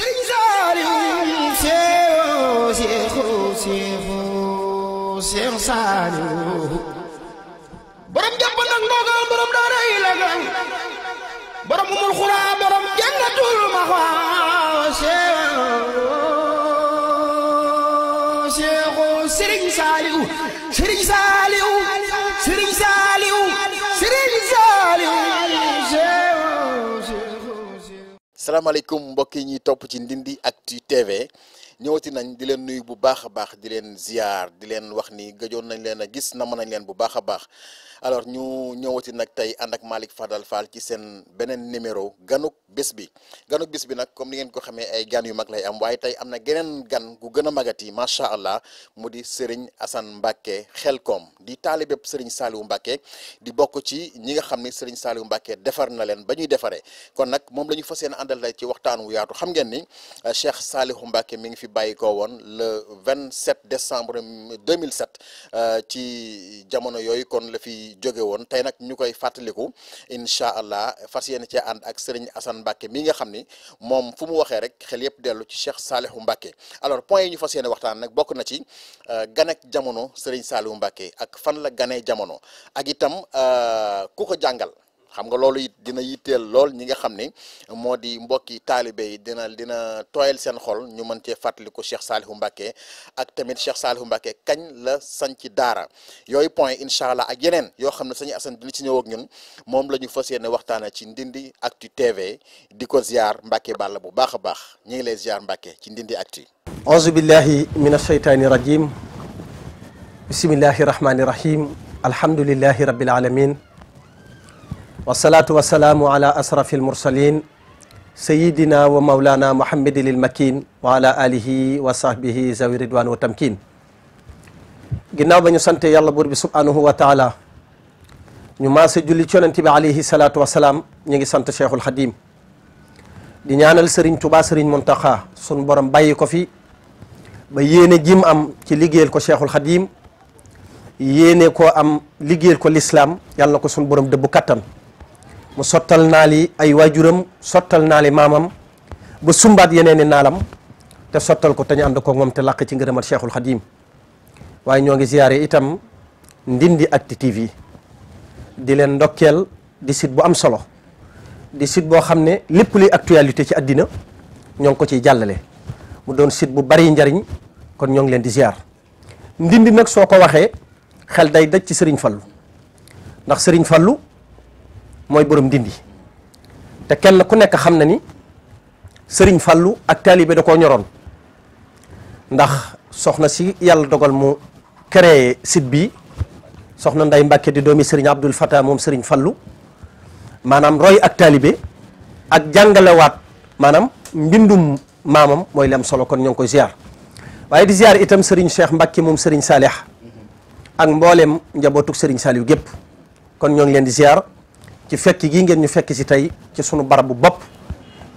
sëñ Saliou seexu seexu seexu seexu Saliou borom jàpp nag ndogal borom daara yi la gan borom umul xuraa borom jannatul maxwa seexu salaamaaleykum mbokk yi ñuy topp ci Ndindy Actu TV ñëwati nañ di leen nuyu bu baax a baax di leen ziar di leen wax ni gajoon nañ leen a gis namoon nañ leen bu baax a baax alors ñu ñëwati nag tey ànd ak Malick Fadal Fall ci seen beneen numéro ganuk bés bi ganuk bés bi nag comme ni ngeen ko xame ay gan yu mag lay am waaye tey am na geneen gan gu gën a magati macha allah mu di Serigne Assane xel Xelkom di taalibe Serigne Saliou mbake di bokk ci ñi nga xam ni Serigne Saliou Mbacke defar na leen ba ñuy defaree kon nag moom la ñu fas yéene àndal ci waxtaan wu yaatu xam ngeen ni bàyyi ko woon le 27 décembre 2007 euh, ci jamono yooyu kon la fi jóge woon tey nag ñu koy fàttaliku incha allah fas yéene cee ànd ak Serigne Assane Mbacke mi nga xam ni moom fu mu waxee rek xel yëpp dellu ci Cheikh Salihu mbake alors point yi ñu fas yéene waxtaan nag bokk na ci euh, ganek jamono Serigne Salihu Mbacke ak fan la ganee jamono ak itam euh, ku ko jàngal. xam nga loolu it dina yitteel lool ñi nga xam ni moo di mbokki taalibe yi dina dina tooyal seen xol ñu mën cee ko Cheikh Salihu Mbacké ak tamit Cheikh Salihu Mbacké kañ la sanc daara yooyu point incha allah ak yeneen yoo xam ne sëñ Assane dina ci ñëw ak ñun moom la ñu fas yéene waxtaanee ci Ndindy Actu TV di ko ziar Mbacké bala bu baax a baax ñu ngi lay ziar Mbacké ci ndindi Actu. auzu billahi mina shaytaani rajim bismillahi rahmaani rahim alhamdulillahi rabbil alamin wasalaatu wasalaamu ala asrafi almursalin sayidina wa maulana muhammadin ilmakin wa ala wa sahbihi zawi ridwan wa tamkin ginnaaw ba ñu sante yàlla buur bi subhanahu wa taala ñu maase julli ci yonent bi alayhi salaatu wasalaam ñu ngi sant cheikhul xadim di ñaanal sëriñ tubaa sëriñ muntaxa sun borom bàyyi ko fi ba yéene jim am ci liggéeyal ko cheikhul xadim yéene koo am liggéeyal ko lislaam yàlla ko sun borom dëbbu kattan mu sottal naali ay waajuram sottal naali maamam ba sumbaat yeneen naalam te sottal ko te ñu ànd ko moom te làq ci ngërëmal Cheikhul Khadim waaye ñoo ngi ziyaare itam Ndindi Actu TV di leen ndokkeel di site bu am solo di site boo xam ne lépp luy actualité ci àddina ñoo ngi ko ciy jàllale mu doon site bu bari njariñ kon ñoo ngi leen di ziar Ndindi nag soo ko waxee xel day daj ci Serigne Fallou ndax Serigne Fallou mooy borom dindi te kenn ku nekk xam na ni sëriñ fallu ak taalibe da koo ñoroon ndax soxna si yàlla dogal mu créé site bi soxna nday Mbàkke di doomi sëriñ Abdul Fattah moom sëriñ fàllu maanaam roy ak taalibe ak jàngalewaat maanaam mbindum maamam mooy li solo kon ñoo ngi koy ziar waaye di ziar itam sëriñ Cheikh Mbàkke moom sëriñ Saalix ak mboolem njabootuk sëriñ Saaliw gépp kon ñoo ngi leen di ziar ci fekk gi ngeen ñu fekk si tey ci sunu barabu bopp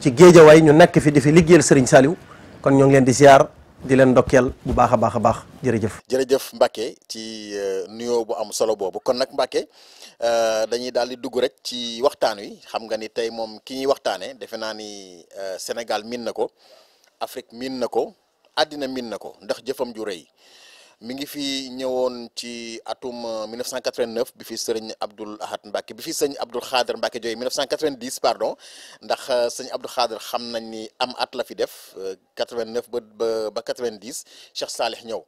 ci géejawaay ñu nekk fi di fi liggéeyal Serigne Saliou kon ñoo ngi leen di ziar di leen ndokkeel bu baax a baax a baax jërëjëf. jërëjëf Mbacke ci euh, nuyoo bu am solo boobu kon nag Mbacke euh, dañuy daal di dugg rek ci waxtaan wi xam nga ni tey moom ki ñuy waxtaanee defe naa ni euh, Sénégal miin na ko Afrique miin na ko àddina miin na ko ndax jëfam ju rëy. mi ngi fi ñëwoon ci atum 1989 euh, bi fi sëriñ Abdoul Ahad Mbacke bi fi sëñ Abdoul Khader Mbacke jooy 1990 pardon ndax euh, sëñ Abdoul Khader xam nañ ni am at la fi def 89 euh, ba ba ba 90 Cheikh Salih ñëw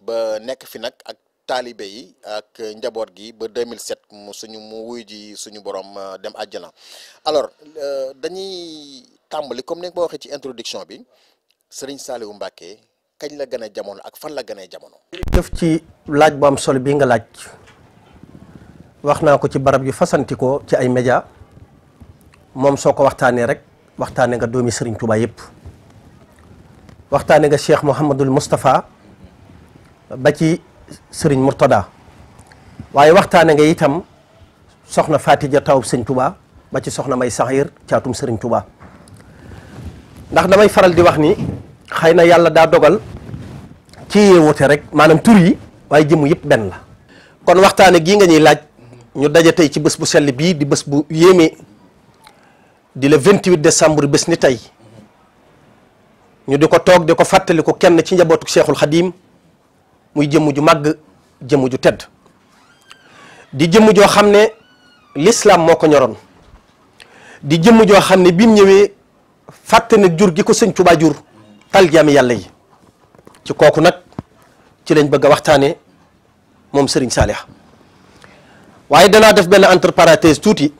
ba nekk fi nag ak. taalibe yi ak njaboot gi ba 2007 mu suñu mu wuy ji suñu borom dem àjjana alors dañuy tambali comme ni nga ko waxee ci introduction bi Serigne Saliou Mbacké kañ la gën a jamono ak fan la gën a jamono. ci laaj bu am solo bii nga laaj wax naa ko ci barab yu fasantikoo ci ay média moom soo ko waxtaanee rek waxtaanee nga doomi Serigne Touba yëpp waxtaanee nga Cheikh Mouhamadul Moustapha ba ci Serigne Mourtada waaye waxtaanee nga itam soxna Fatija tawub Serigne Touba ba ci soxna May Saxiir caatum Serigne Touba ndax damay faral di wax ni. xëy na yàlla daa dogal ci yeewute rek maanaam tur yi waaye jëmm yëpp benn la kon waxtaane gii nga ñuy laaj ñu daje tey ci bés bu sell bii di bés bu yéeme di le 28 décembre bés ni tey ñu di ko toog di ko fàttali ko kenn ci njabootu Cheikhul Khadim muy jëmm ju màgg jëmm ju tedd di jëmm joo xam ne l'islam moo ko ñoroon di jëmm joo xam ne bi ñëwee fàtte na jur gi ko sëñ Tuubaa jur tal jaami yàlla yi ci kooku nag ci lañ bëgg waxtaane moom sëriñ Saliou waaye danaa def benn entre parenthèse tuuti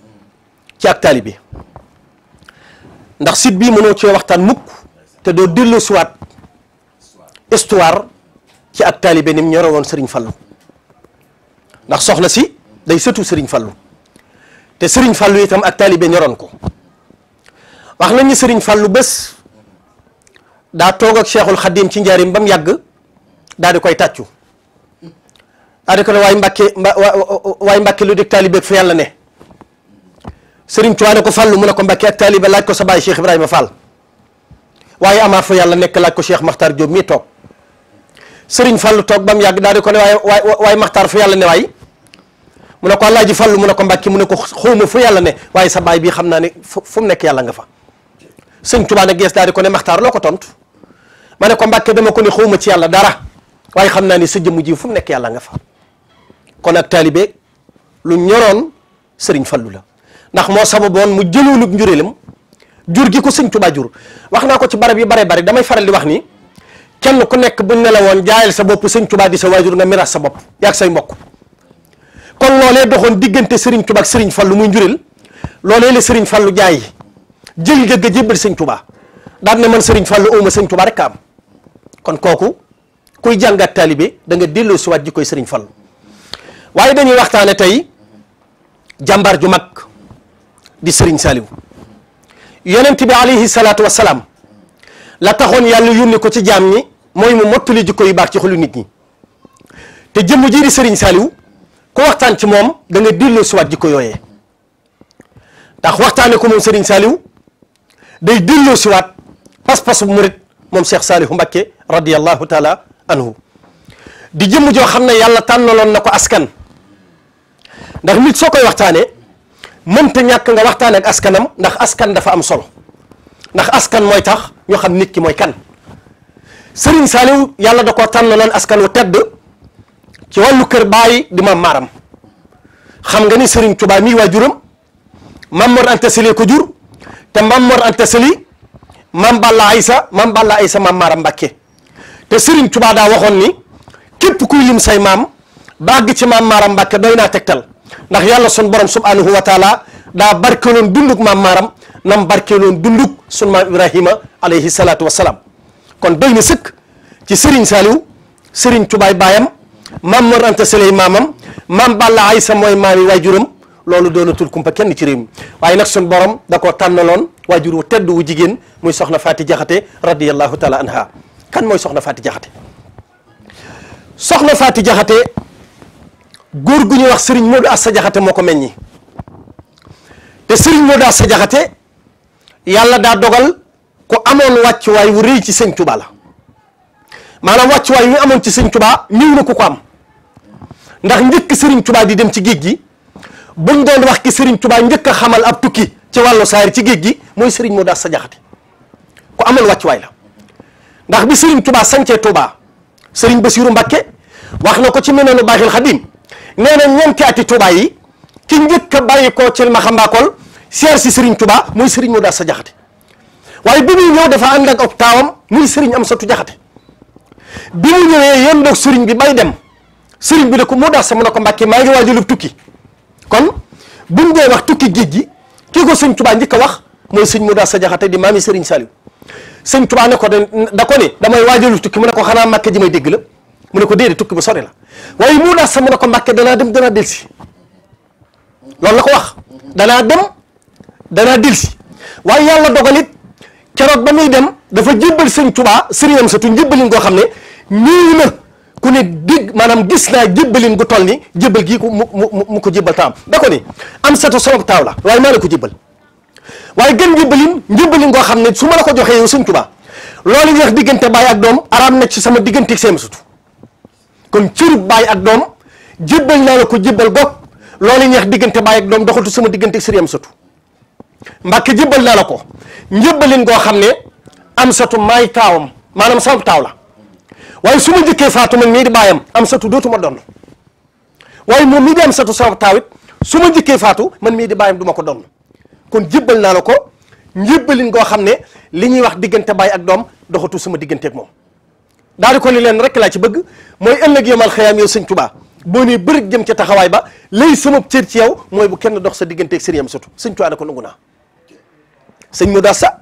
ci ak taalibe ndax site bii mënoo cee waxtaan mukk te doo dellu siwaat histoire ci ak taalibe ni mu ñore woon Serigne ndax soxla si day sëtu sëriñ Fallou te sëriñ Fallou itam ak taalibe ñoroon ko wax nañu Serigne Fallou bés. daa toog ak cheikhul xadim ci njaarim ba mu yàgg daal di koy tàccu daa di ko ne waay mbàkke waay mbàkke lu dég taalibeeg fi yàlla ne sëriñ Tuubaa ne ko fàllu mu ne ko mbàkke ak taalibe laaj ko sa baay cheikh ibrahima fall waaye amaat fa yàlla nekk laaj ko cheikh maxtaar Diop mii toog sëriñ fàllu toog ba mu yàgg daal di ko ne waay waay waay maxtaar fu yàlla ne waay mu ne ko alaaji fàllu mu ne ko mbàkke mu ne ko xawma fu yàlla ne waaye sa baay bii xam naa ne fu mu nekk yàlla nga sëñ Tuubaa nag gees daal di ko ne maxtaar loo ko tontu ma ne ko mbàkke dama ko ne xawma ci yàlla dara waaye xam naa ni sa jëmm ji fu mu nekk yàlla nga fa kon ak taalibe lu ñoroon sëriñ fallu la ndax moo sababoon mu jëloonub njuréelam jur gi ko sëñ Tuubaa jur wax naa ko ci barab yu bare bare damay faral di wax ni kenn ku nekk buñ ne la woon jaayal sa bopp sëñ Tuubaa di sa waajur nga miras sa bopp yaag say mbokk kon loolee doxoon diggante sëriñ Tuubaa ak sëriñ fallu muy njureel loolee la sëriñ fallu jaay jël njëgg a jébbal sëñ tubaa daan ne man sëriñ fàllu ooma sëñ tubaa rek am kon kooku kuy jàngat taalibe danga nga delloo siwaat ji koy sëriñ fàllu waaye dañuy waxtaane tey jàmbaar ju mag di sëriñ saaliw yonent bi alayhi salaatu wasalaam la taxoon yàlla yónni ko ci jaam ñi mooy mu mottali jikko yu baax ci xolu nit ñi te jëmm jii di sëriñ saaliw ku waxtaan ci moom danga nga delloo siwaat jikko yooyee ndax waxtaane ko moom sëriñ saaliw day delloo siwaat pas-pasu murit moom Cheikh Saalihu Mbakke radiyallahu taala anhu di jëmm joo xam ne yàlla tànnaloon na ko askan ndax nit soo koy waxtaanee mënta ñàkk nga waxtaane ak askanam ndax askan dafa am solo ndax askan mooy tax ñu xam nit ki mooy kan Serigne Saliou yàlla da koo tànnaloon askan wu tedd ci wàllu kër bàyyi di maam xam nga ni Serigne Touba mii waajuram Maam Mor Anta Sali ko jur te mam Mor Anta Sali mam Balla Aysa man Balla Aysa mam Maaram Mbàkke te Serigne Touba daa waxoon ni képp kuy say maam bàgg ci maam Maaram Mbàkke doy naa tegtal ndax yàlla sun borom subhanahu wa taala daa barkeeloon dunduk maam Maaram nam barkeeloon dunduk sun maam Ibrahima alayhi salaatu wa salaam kon doy na sëkk ci Serigne Saliou Serigne Touba baayam mam Mor Anta Sali maamam mam Balla Aysa mooy maami waajuram loolu doonatul kumpa kenn ci réew mi waaye nag suñ borom da koo tànnaloon waajur wu tedd wu jigéen muy soxna Faati Jaxate radiyallahu taala anha kan mooy soxna Faati Jaxate soxna Faati Jaxate góor gu ñuy wax sëriñ moo ko meññi te sëriñ Moodu Assa Jaxate yàlla daa dogal ko amoon wàccuwaay wu rëy ci sëñ Tuubaa la maanaam wàccuwaay yu amoon ci sëñ Tuubaa ñëw na ku ko am ndax njëkk sëriñ Tuubaa di dem ci géej gi buñ doon wax ki Serigne Touba njëkk a xamal ab tukki ci wàllu saayir ci géej gi mooy Serigne Modou Asta Diakhaté ku amoon wàccuwaay la ndax bi Serigne Touba sancee Touba Serigne Bassirou Mbacké wax na ko ci menoonu baaxil xadim nee na ñeenti ati yi ki njëkk a bàyyi ma xambaakool seer si Serigne Touba mooy Serigne Modou Asta Diakhaté waaye bi muy ñëw dafa ànd ak ab taawam muy sa tu jaxate bi mu ñëwee yendoog sëriñ bi bay dem Serigne bi ne ko Modou Asta mu ne ko Mbacké maa ngi waajal tukki kon buñ dee wax tukki géej gi kii ko sëñ Tuubaa njëkk a wax mooy sëñ Modu Asta Jaxate di maami Sëriñ Saliou sëñ Tuubaa ne ko da ko ne damay waajalu tukki mu ne ko xanaa Mbàkke ji may dégg la mu ne ko déedéet tukki bu sori la waaye Modu Asta mu ne ko Mbàkke danaa dem danaa delsi loolu la ko wax danaa dem danaa delsi waaye yàlla dogalit keroog ba muy dem dafa jébbal sëñ Tuubaa sëriñam sa tu njébbalin goo xam ne ñëw na ku ne dégg maanaam gis naa jébbalin gu toll ni jébbal gi ko mu mu mu ko jébbal taam da ko ni am sata sama taaw la waaye maa la ko jébbal waaye gën njëbbalin njëbbalin goo xam ne su ma la ko joxee yow sëñ Tuubaa loolu ñuy wax diggante baay ak doom araam na ci sama diggante ak seen sutu kon cërub baay ak doom jébbal naa la ko jébbal goog loolu ñuy diggante baay doom doxatu sama diggante ak sëriñ am satu mbàkke naa la ko njëbbalin goo xam ne am satu maay taawam maanaam sama taaw la waaye su ma njëkkee faatu man mii di bàyyam am satu dootuma donn waaye moom mii di am satu sama taawit su ma njëkkee faatu man mii di baayam duma ko donn kon jébbal naa la ko njébbalin goo xam ne li ñuy wax diggante baay ak doom doxatu sama digganteeg moom daal di ko ni leen rek laa ci bëgg mooy ëllëg yomal xëyaam yow sëñ Tuubaa boo nee bërig jëm ca taxawaay ba lay sama cër ci yow mooy bu kenn dox sa digganteeg sëriñ am satu sëñ Tuubaa na ko nangu naa sëñ Modu Asta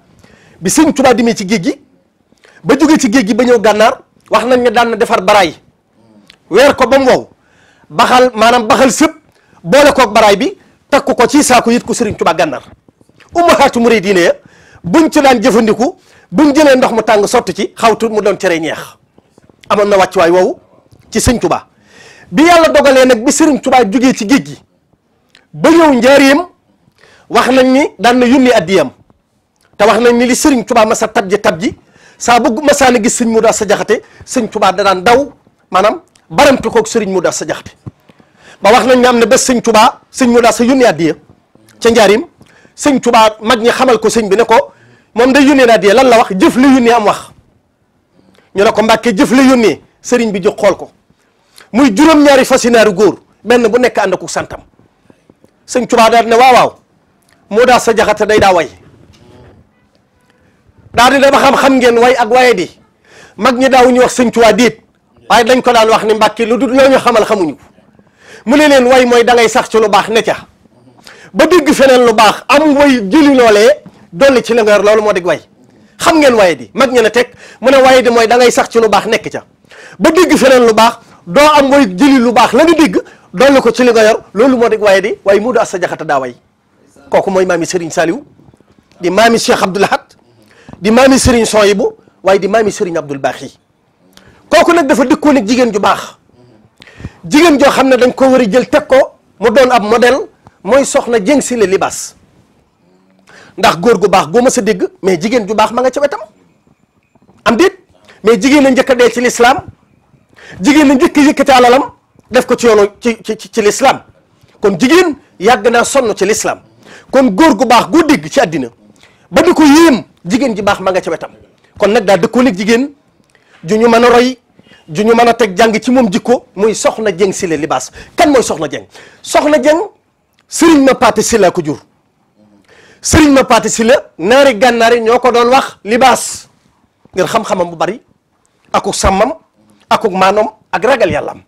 bi sëñ Tuubaa demee ci géej gi ba jógee ci gi ba ñëw wax nañ ne daan defar baraay weer ko ba mu wow baxal maanaam baxal sëpp boole koog baraay bi takku ko ci saako yit ko Serigne Touba gànnaar ummahaatu muridiina ya buñ ci daan jëfandiku buñ jëlee ndox mu tàng sotti ci xaw tu mu doon cere ñeex amoon na wàccuwaay wow ci sëñ Touba bi yàlla dogalee nag bi Serigne Touba jugee ci géej gi ba ñëw njaareem wax nañ ni daan na yónni addiyam te wax nañ ni li Serigne Touba masa tab ji tab ji saa bëgg masaana gis sëñ Moudou Asta Diakhaté sëñ Touba da daw maanaam baramtu koog sëriñ Moudou Asta Diakhaté ba wax nañ ne am na bés sëñ mu sëñ Moudou Asta yónnee addiya ca njaarim sëñ Touba mag ñi xamal ko sëñ bi ne ko moom day yónnee addiya lan la wax jëf la yónnee am wax ñu ne ko Mbàkke jëf la yónnee sëriñ bi jóg xool ko muy juróom-ñaari fasinaaru góor benn bu nekk ànd santam sëñ Touba daal ne waaw waaw Moudou day daa way daa di dama xam-xam ngeen way ak waye di mag ñi daaw ñu wax sëñ Tuubaa déet waaye dañ ko daan wax ni mbàkke lu dul loo ñu xamal xamuñu ko mu ne leen way mooy da sax ci lu baax ne ca ba dégg feneen lu baax am way jëli loolee dolli ci la loolu moo dig way xam ngeen waye di mag ñi ne teg mu ne waye di mooy sax ci lu baax nekk ca ba dégg feneen lu baax doo am way jëli lu baax la dégg dolli ko ci li nga yor loolu moo dig waye di waaye mu du as sa jaxata daa way kooku mooy maami Serigne saaliw di maami Cheikh Abdoul Ahad di maami Serigne Soyibu waaye di maami Serigne Abdoul Baaxi kooku nag dafa dëkkoon ak jigéen ju baax jigéen joo xam ne dañ koo war a jël teg ko mu doon ab modèle mooy soxna Dieng Sylla Libaas ndax góor gu baax goo ma sa dégg mais jigéen ju baax ma nga ca wetam am déet mais jigéen la njëkk a dee ci lislaam jigéen la njëkk a yëkkati alalam def ko ci yoonu ci ci ci lislaam kon jigéen yàgg naa sonn ci lislaam kon góor gu baax goo dégg ci àddina ba di ko yéem jigéen ji baax ma nga ca wetam kon nag daa dëkkoon ak jigéen ju ñu mën a roy ju ñu mën a teg jàng ci moom jikko muy soxna jeng sile libaas kan mooy soxna jeng soxna jeng sëriñ ma paate sila ko jur sëriñ ma paate sila naari gànnaari ñoo ko doon wax libaas ngir xam-xamam bu bari akuk sàmmam akuk maanoom ak ragal yàllaam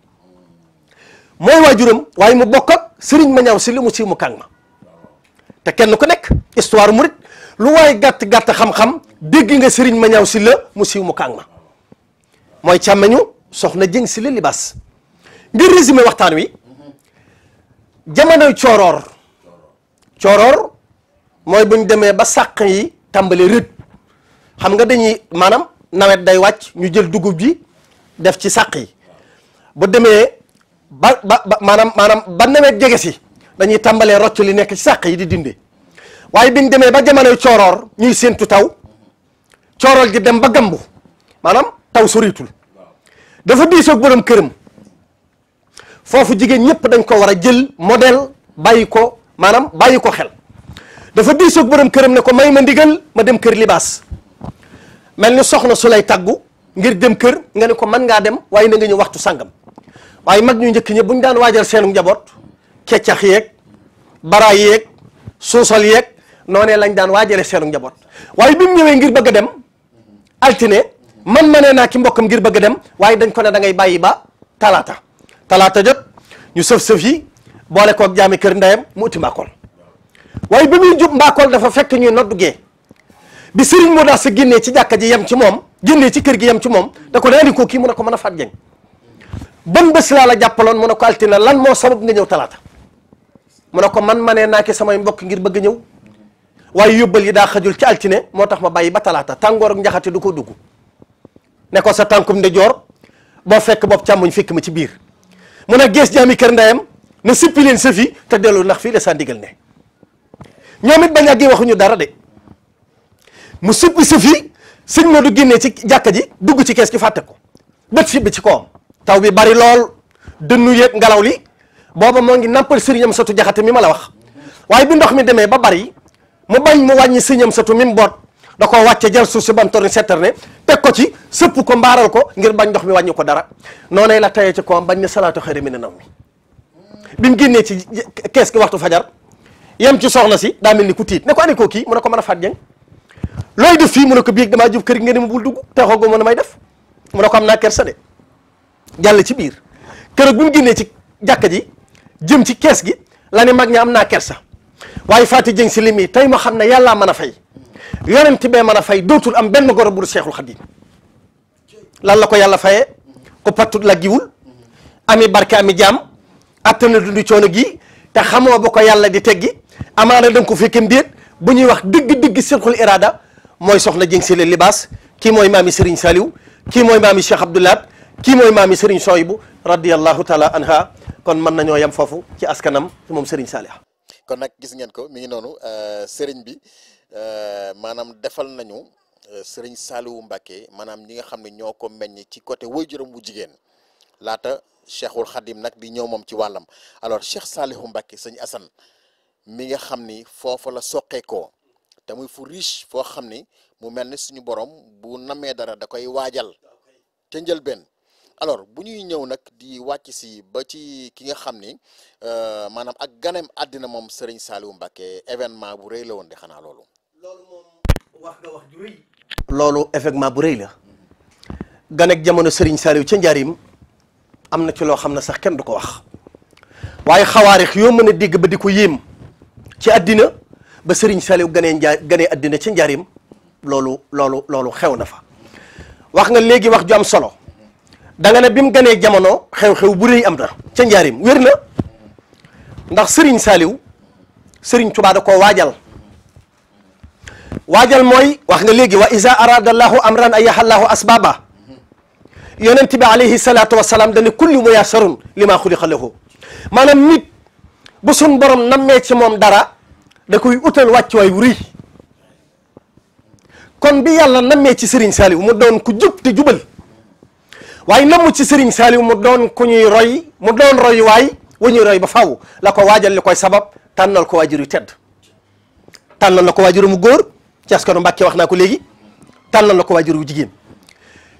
mooy waajuram waaye mu bokk ak sëriñ ma ñaaw si li mu siiw mu kàng ma te kenn ku nekk histoire murit lu waay gàtt gàtt xam-xam dégg nga sëriñ ma ñaaw si la mu siiw mu kàng ma mooy càmmeñu soxna jëng si la libaas ngir résumé waxtaan wi jamonoy cooroor cooroor mooy buñ demee ba sàq yi tàmbali rët xam nga dañuy maanaam nawet day wàcc ñu jël dugub ji def ci sàq yi bu demee ba ba maanaam maanaam ba nawet jege si dañuy tàmbalee rocc li nekk ci sàq yi di dinde waaye biñ demee ba jamonoy cooroor ñuy séentu taw cooroor gi dem ba gambu maanaam taw soriitul dafa diisoog borom këram foofu jigéen ñëpp dañ ko war a jël modèle bàyyi ko maanaam bàyyi ko xel dafa diisoog borom këram ne ko may ma ndigal ma dem kër libaas mel ni soxna su lay tàggu ngir dem kër nga ne ko mën ngaa dem waaye na ñu waxtu sàngam waaye mag ñu njëkk ñëpp bu ñu daan waajal seenu njaboot keccax yeeg baraay yeeg suusal yeeg noonee lañ daan waajale seenu njaboot waaye bi mu ñëwee ngir bëgg dem altine man manee naa ki mbokkam ngir bëgg dem waaye dañ ko ne da ngay bàyyi ba talaata talaata jot ñu sëf-sëf yi boole kook jaami kër ndeyam mu uti mbaakool waaye bi muy jub mbaakool dafa fekk ñuy noddu gee bi sëriñ moo daal sa ci jàkka ji yem ci moom génnee ci kër gi yam ci moom da ko daandi koo kii mun a ko mën a faat jeng ban bés la jàppaloon mun a ko altine lan moo sabab nga ñëw talaata mu ne ko man manee naa ki samay mbokk ngir bëgg ñëw waaye yóbbal yi daa xajul ci altine moo tax ma bàyyi ba talaata tàngoor ak njaxate du ko dugg ne ko sa tànkum ndejoor boo fekk bopp càmmuñ fekk ma ci biir mu ne gees jaami kër ndeyam na sippi leen sëf te dellu nax fii la saa ndigal ne ñoom it bañ àggee waxuñu dara de mu sippi sëfi yi sëñ ma du génnee ci jàkka ji dugg ci kees gi fàtte ko bët fi bi ci kawam taw bi bari lool dënnu yeeg ngelaw li booba moo ngi nampal sëriñam satu jaxate mi ma la wax waaye bi ndox mi demee ba bari mu bañ mu wàññi siñam satu mi mu boot da koo wàcce jël suuf si bam torni settar ne teg ko ci sëpp ko mbaaral ko ngir bañ dox mi wàññi ko dara noonee la tayee ci ko am bañ ne salaatu xëyri mi ne naw mi bi mu génnee ci kees gi waxtu fajar yem ci soxna si daa mel ni ku tiit ne ko ane koo kii mu ne ko man a faat jëng looy def fii mu ne ko biig damaa jub kër nga ne ma bul dugg texoogo mën a may def mu ne ko am naa kersa de jàll ci biir keroog bi mu génnee ci jàkka ji jëm ci kees gi la mag ña am naa kersa waaye Faty Dieng si li tey ma xam ne yàllaa mën a fay yonent bee mën a fay dootul am benn goro bu dul Seexul Xadiim lan la ko yàlla fayee ku pattut la giwul ami barke ami jaam attana dundu coono gi te xamoo ba ko yàlla di teggi amaana da nga ko fekkee mbir bu ñuy wax dëgg-dëgg sirkul irada mooy soxna Dieng si leen libaas kii mooy maami Serigne Saliou ki mooy maami Cheikh Abdoulaat ki mooy maami Serigne Soyibu radiyallahu taala anha kon mën nañoo yem foofu ci askanam moom Serigne Saliou kon nag gis ngeen ko mi ngi noonu euh, sëriñ bi euh, maanaam defal nañu euh, sëriñ Saliou Mbacké maanaam ñi nga xam ne ñoo ko meññ ci côté waajuram bu jigéen laata cheikhul xadim nag di ñëw moom ci wàllam alors cheikh Saliou Mbacké sëñ Assane mi nga xam ni foofa la soqeekoo te muy fu riche foo xam ni mu mel ni suñu borom bu namee dara da koy waajal ca njëlbeen. alors bu ñuy ñëw nag di wàcc si ba ci ki nga xam ni euh, maanaam ak ganem àddina moom Serigne Saliou mbake événement bu rëy la woon de xanaa loolu. loolu moom wax nga wax loolu événement bu rëy la. ganek jamono Serigne Saliou ci njaarim am na ci loo xam ne sax kenn du ko wax waaye xawaarix yoo mën a dégg ba di ko yéem ci àddina ba Serigne Saliou gane njaar ganee àddina ca njaarim loolu loolu loolu xew na fa wax nga léegi wax ju am solo. danga nga ne bi mu ganee jamono xew-xew bu rëy am na ca njaarim wér na ndax Serigne Saliou Serigne Touba ko waajal waajal mooy wax nga léegi wa isa arada allahu amran an yaxallaahu asbaba yonent bi alayhi salaatu wasalaam dane kullu muyassarun lima xuliqa lahu maanaam nit bu sun borom nammee ci moom dara da koy utal wàccuwaay wu rëy kon bi yàlla nammee ci Serigne Saliou mu doon ku jub te jubal waaye namm ci Serigne Saliou mu doon ku ñuy roy mu doon roy waay wu ñuy roy ba faw la ko waajal li koy sabab tànnal ko waajur yu tedd tànnal la ko waajur mu góor ci askanu Mbàkke wax naa ko léegi tànnal la ko waajur wu jigéen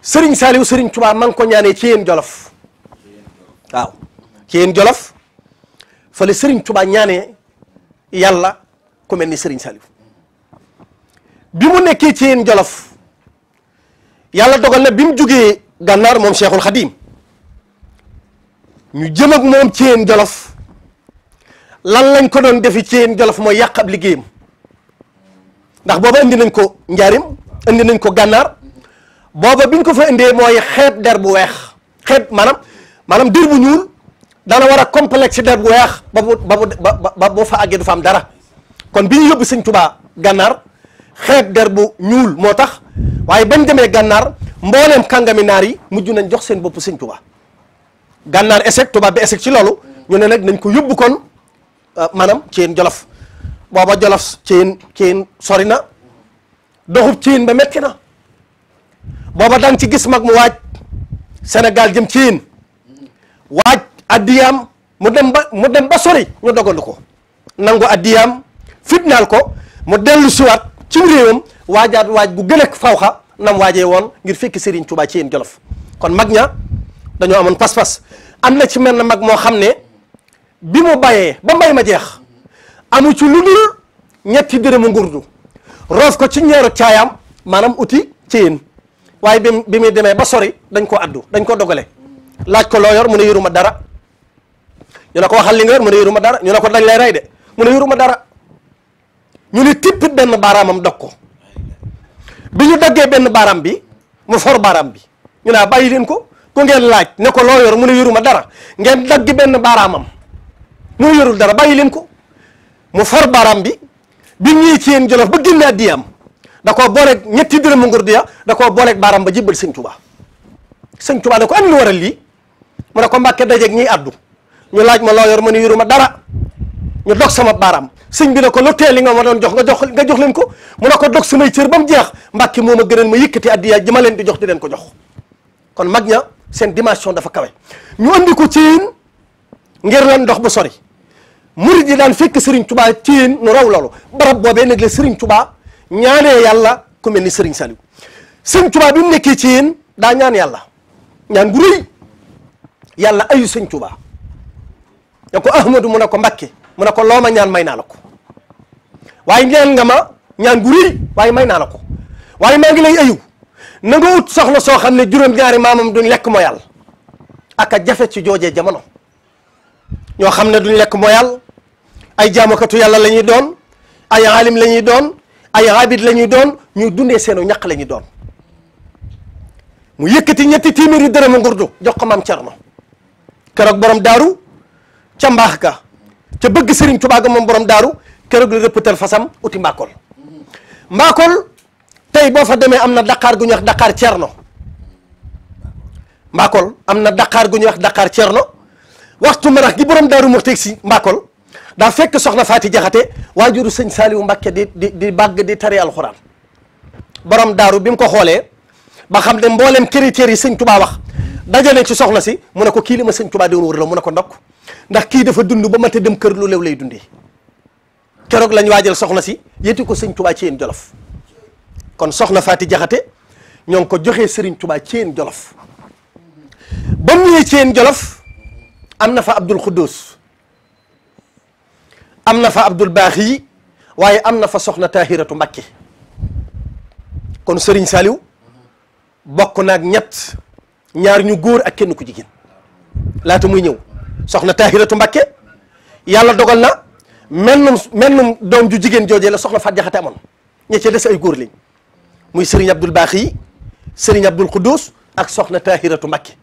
Serigne Saliou Serigne Touba ma ngi ko ñaanee ci yéen jolof waaw ci yéen jolof fale Serigne Touba ñaanee yàlla ku mel ni Serigne Saliou bi mu nekkee ci yéen jolof yàlla dogal na bi mu jugee gànnaar moom cheikhul xadim ñu jëm ak moom ceen jolof lan lañ ko doon defi ceen jolof mooy yàq ab ndax booba indi nañ ko njaarim indi nañ ko gànnaar booba biñ ko fa indee mooy xeet der bu weex xeet maanaam maanaam der bu ñuul dana war a complexe der bu weex ba bu ba bu fa àggee du am dara kon bi ñu yóbbu sëñ tubaa gànnaar xeet der bu ñuul moo tax waaye bañ demee gànnaar mbooleem kàngami naar yi mujj nañ jox seen boppu sëñ Tuubaa gànnaar échec tubaab bi échec ci loolu ñu ne nag nañ ko yóbbu kon euh, maanaam ceen jolof booba jolof ceen ceen sori na doxub ceen ba metti na booba dang ci gis mag mu waaj senegal jëm ceen waaj addiyaam mu dem ba mu dem ba sori ñu dogandu ko nangu addiyaam fitnaal ko mu dellu siwaat ci réewam waajaat waaj gu gën a fawxa nam waajee woon ngir fekki Serigne Touba ci yéen Jolof kon mag ña dañoo amoon pas-pas am na ci mel mag moo xam ne bi mu bayee ba mbay ma jeex amu cu lu dul ñetti dërëmu ngurdu roof ko ci ñeeru caayaam maanaam uti ci waaye bi bi muy demee ba sori dañ ko addu dañ ko dogale laaj ko loo yor mu ne ma dara ñu ne ko waxal li nga yor mu ne dara ñu ne ko dañ lay rey de mu ne ma dara ñu ne tippit benn baaraamam dog ko bi ñu daggee benn baaraam bi mu for baaraam bi ñu naa ah, bàyyi leen ko ku ngeen laaj ne ko loo yor mu ne ma dara ngeen dagg benn baaraamam mu yorul dara bàyyi leen ko mu for baaraam bi bi ñuy ci yéen jolof ba génne addiyam da koo booleeg ñetti dërëmu ngur diya da koo booleeg baaraam ba jibbal sëñ Tuubaa sëñ Tuubaa da ko am lu waral lii mu ne ko mbàkke dajeeg ñiy addu ñu laaj ma loo yor mu ne ma dara ñu dog sama baaraam sëñ bi ne ko lotee li nga ma doon jox nga jox nga jox leen ko mu ne ko dog samay cër ba mu jeex mbakki moom a gëneen ma yëkkati addiya ji ma leen di jox di kon mag ña seen dimension dafa kawe ñu andi ko ciin ngir lan ndox bu sori murid yi daan fekk Serigne Touba ciin nu raw loolu barab boobee nag la Serigne Touba ñaanee yàlla ku mel ni Serigne Saliou Serigne Touba bi mu nekkee ciin daa ñaan yàlla ñaan gu rëy yàlla ayu Serigne Touba ne ko Ahmadou mu ne ko Mbàkke mu ne ko loo ma ñaan may naa ko waaye ñaan nga ma ñaan gu rëy waaye may naa la ko waaye maa ayu na nga ut soxla soo xam ne juróom-ñaari maamam duñ lekk mooyal ak a jafe ci joojee jamono ñoo xam ne duñ lekk mooyal ay jaamukatu yàlla la ñuy doon ay alim lañuy doon ay abid lañuy ñuy doon ñuy dundee seenu ñaq la doon mu yëkkati ñetti téeméeri dërëmu ngurdu jox ko maam Cerno keroog borom daaru ca ca bëgg sëriñ Touba ga moom borom daaru keroog la rëppatal fasam uti Mbakol Mbakol tey boo fa demee am na Dakar gu ñuy wax Dakar no Mbakol am na Dakar gu ñuy wax Dakar Thierno waxtu marax gi borom daaru moo si Mbakol daa fekk soxna Faati Jaxate waajuru sëñ Saaliwu Mbàkke di di di bàgg di tari alxuraan borom daaru bi mu ko xoolee ba xam ne mboolem critères yi sëñ Touba wax dajale ci soxna si mu ne ko kii li ma sëñ Touba doon wër la mun ne ko ndokk ndax kii dafa dund ba mate dem kër lu lew lay dundee keroog lañ waajal soxna si yéti ko sëñ tubaa ci jolof kon soxna faati jaxate ñoo ngi ko joxe sëriñ tubaa ci yéen jolof ba mu ñëwee jolof am na fa abdul xuddus am na fa abdul baaxi yi waaye am na fa soxna taahiratu mbakke kon sëriñ saaliw bokk naag ñett ñaar ñu góor ak kenn ku jigéen laata muy ñëw soxna Tahiratu Mbakke yàlla dogal na mel mennum doom ju jigéen joojee la soxna Fat Jaxate amoon ña ca des ay góor lañ muy Serigne Abdul Baaxi yi Serigne Abdul Xudduus ak soxna Tahiratu Mbakke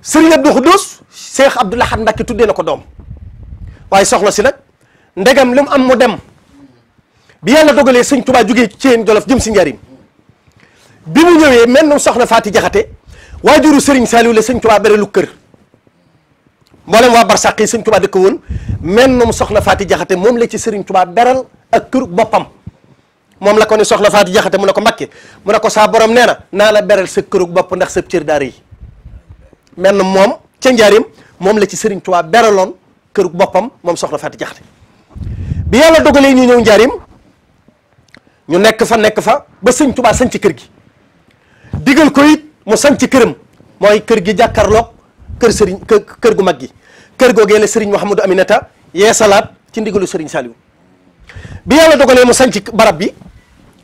Serigne Abdul Xudduus Cheikh Abdul Ahad Mbakke tuddee na ko doom waaye soxna si nag ndegam li mu am mu dem bi yàlla dogalee sëñ Tuubaa jógee Ceen Jolof jëm si njariñ bi mu ñëwee mennum soxna Fati Jaxate waajuru Serigne Saliou la sëñ Tuubaa bere lu kër. mboolem waa barsàq yi sëñ Tuubaa dëkk woon men moom soxla Faati Jaxate moom la ci sëriñ Tuubaa beral ak kër boppam moom la ko ni soxla Faati Jaxate mu ne ko Mbakke mu ne ko saa borom nee na naa la beral sa kërug bopp ndax sa cër daara yi men moom ca njaarim moom la ci sëriñ Tuubaa beraloon kërug boppam moom soxla Faati Jaxate bi yàlla dogalee ñu ñëw njaarim ñu nekk fa nekk fa ba sëñ Tuubaa sañ ci kër gi digal ko it mu sañ ci këram mooy kër gi jàkkarloog kër sëriñ kër gu mag gi kër googee la sëriñ Mouhamadou Aminata yee salaat ci ndigalu sëriñ Saliou bi yàlla dogalee mu sanc barab bi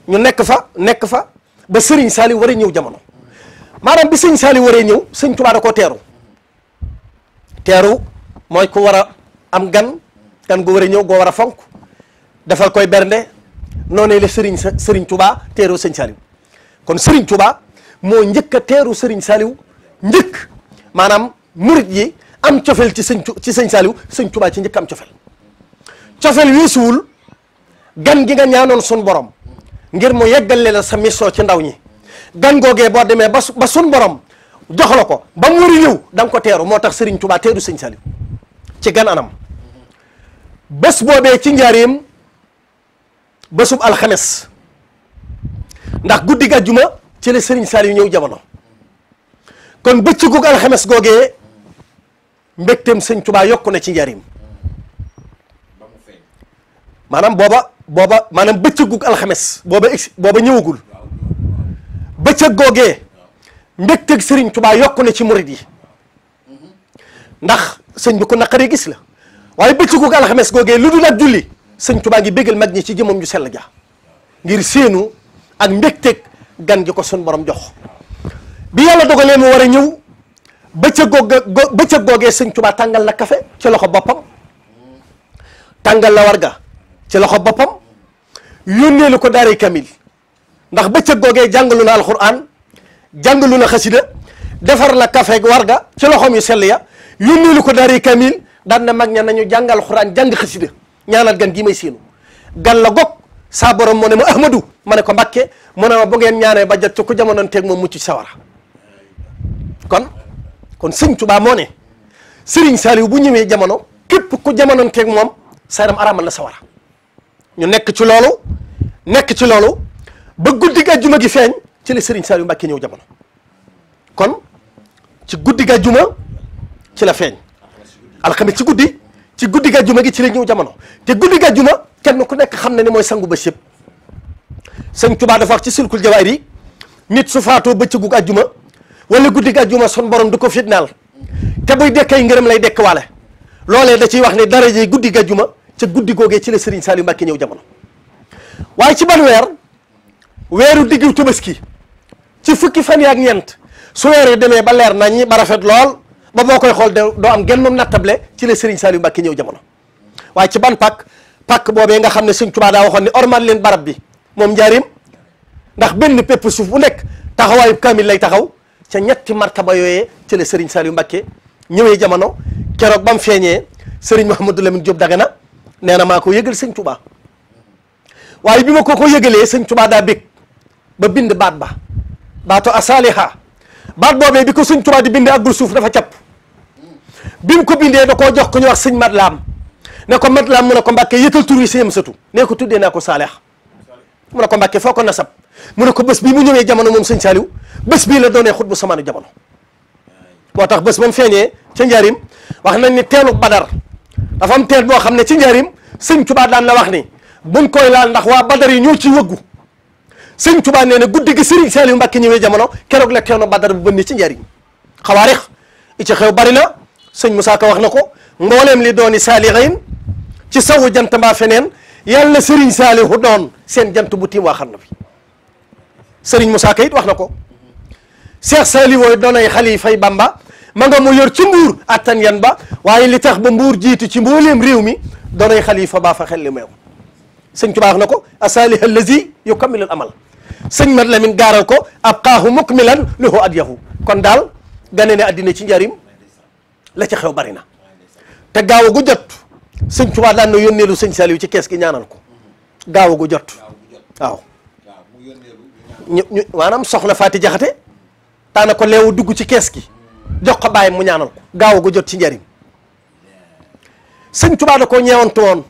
ñu nekk fa nekk fa ba sëriñ Saliou waree ñëw jamono maanaam bi sëñ Saliou waree ñëw sëriñ Tuubaa da koo teeru teeru mooy ku war a am gan gan gu war a ñëw goo war a fonk dafal koy bernde noonee la sëriñ sa sëriñ Tuubaa teeroo sëriñ Saliou kon sëriñ Tuubaa moo njëkk a teeru sëriñ Saliou njëkk maanaam murit yi am cofel ci sëñ ci sëñ Saliou sëñ Touba ci njëkk am cofel cofel weesuwul gan gi nga ñaanoon sun borom ngir mu yeggale la sa mission ci ndaw ñi gan googee boo demee ba ba sun borom jox la ko ba mu war a ko teeru moo tax Serigne Touba teeru sëñ Saliou ci gan anam bés boobee ci njaareem bésub alxames ndax guddi gàjjuma ci la Serigne Saliou ñëw jamono kon bëccëgu alxames googee mbégteem sëñ Tuubaa yokku na ci njariñ maanaam booba booba maanaam bëccëgug alxames booba ex booba ñëwagul bëccëg googee mbégteeg sëriñ Tuubaa yokku na ci murid yi ndax sëñ bi ko naqaree gis la waaye bëccëgug alxames googee lu dul ak julli sëñ Tuubaa ngi bégal mag ñi ci jëmam ju sell ja ngir séenu ak mbégteeg gan gi ko sun borom jox bi yàlla dogalee mu war a bëccëg googu bëccëg googee sëñ Tuubaa tàngal na kafe ci loxo boppam tàngal la warga ci loxo boppam yónnee lu ko daaray kamil ndax bëccëg googee jàngalu na alxuraan jàngalu na xasida defar na kafe warga ci loxoom yu sell ya yónnee lu ko daaray kamil daan na mag ña nañu jàngal alxuraan jàng xasida ñaanal gan gi may séenu gan la gog saa borom moo ne ma ahmadou ma ne ko mbakke mu ne ma bu ngeen ñaanee ba jot ci ku jamonoon teeg moom mucc sa kon kon sëñ Tuubaa moo ne Sëriñ Saaliw bu ñëwee jamono képp ku jamonoon keeg moom sa yaram araamal na sawara ñu nekk ci loolu nekk ci loolu ba guddi gàjjuma gi feeñ ci la Sëriñ Saaliw Mbàkke ñëw jamono kon ci guddi gàjjuma ci la feeñ alxames ci guddi ci guddi gàjjuma gi ci la ñëw jamono te guddi gàjjuma kenn ku nekk xam ne ne mooy sangu ba sëpp sëñ Tuubaa dafa wax ci sulkul jawaayir yi nit su faatoo bëccëgu àjjuma wala guddi àjjuma sun boroom du ko fitnaal te buy dekkay ngërëm lay dekk wale loolee da ciy wax ne dara ji guddi àjjuma ca guddi googee ci la Serigne Saliou Mbacké ñëw jamono waaye ci ban weer weeru diggu tabaski ci fukki fan yi ak ñeent su weeree demee ba leer nañ ñi ba rafet lool ba boo koy xool doo am genn nattable ci la Serigne Saliou ñëw jamono waaye ci ban pàkk pàkk boobee nga xam ne Serigne Touba daa waxoon ne ormal leen barab bi moom njaarim ndax benn pépp suuf bu nekk taxawaayu kaamil lay taxaw ca ñetti martaba yooyee ca la Serigne Saliou Mbacké ñëwee jamono keroog ba mu feeñee Serigne Mouhamadou Lamine Diop Dagana nee na maa ko yëgal sëñ Touba waaye bi ma ko ko yëgalee sëñ Touba daa bég ba bind baat ba baato asaliha baat boobee bi ko sëñ Touba di bindee àggul suuf dafa capp bi mu ko bindee da koo jox ko ñu wax sëñ Mat Laam ne ko Mat Laam mu ne ko Mbacké yëkkal tur yi sëñam sëtu nee ko tuddee naa ko Saalih mu ne ko Mbàkke foo ko nasab mu ne ko bés bii mu ñëwee jamono moom sëñ Saliou bés bii la doonee xut bu samaanu jamono moo tax bés moom feeñee ca njaarim wax nañ ni teelu badar dafa am teel boo xam ne ci njaarim sëñ Tuubaa daan la wax ni buñ ko laal ndax waa badar yi ñoo ci wëggu sëñ Tuubaa nee na guddi gi sëriñ Saliou Mbàkke ñëwee jamono keroog la teelu badar bu bënni ci njaarim xawaarix i ci xew bari na sëñ Moussa wax na ko mbooleem li dooni saalixiin ci sawu jant mbaa yàlla sëriñ saalihu doon seen jant bu tiim waa na fi sëriñ Moussa Ka it wax na ko Cheikh Saliou doonay xalifay Bamba ma nga mu yor ci mbuur attan yan ba waaye li tex ba mbuur jiitu ci mbooleem réew mi doonay xalifa baa fa xel li meew sëñ Tuubaa wax na ko asaaliha allazi yukammilul amal sëñ la Lamin gaaral ko ab qaahu mukmilan lahu adyahu kon daal gane ne addina ci njariñ la ci xew bari na te gaaw gu jot sëñ Tuubaa daan na yónneelu sëñ Saliou ci kees gi ñaanal ko gaaw gu jot waaw ñu ñu maanaam soxna Faati Jaxate daana ko leewu dugg ci kees gi jox ko baay mu ñaanal ko gaaw gu jot ci njariñ sëñ Tuubaa da ko ñeewantu woon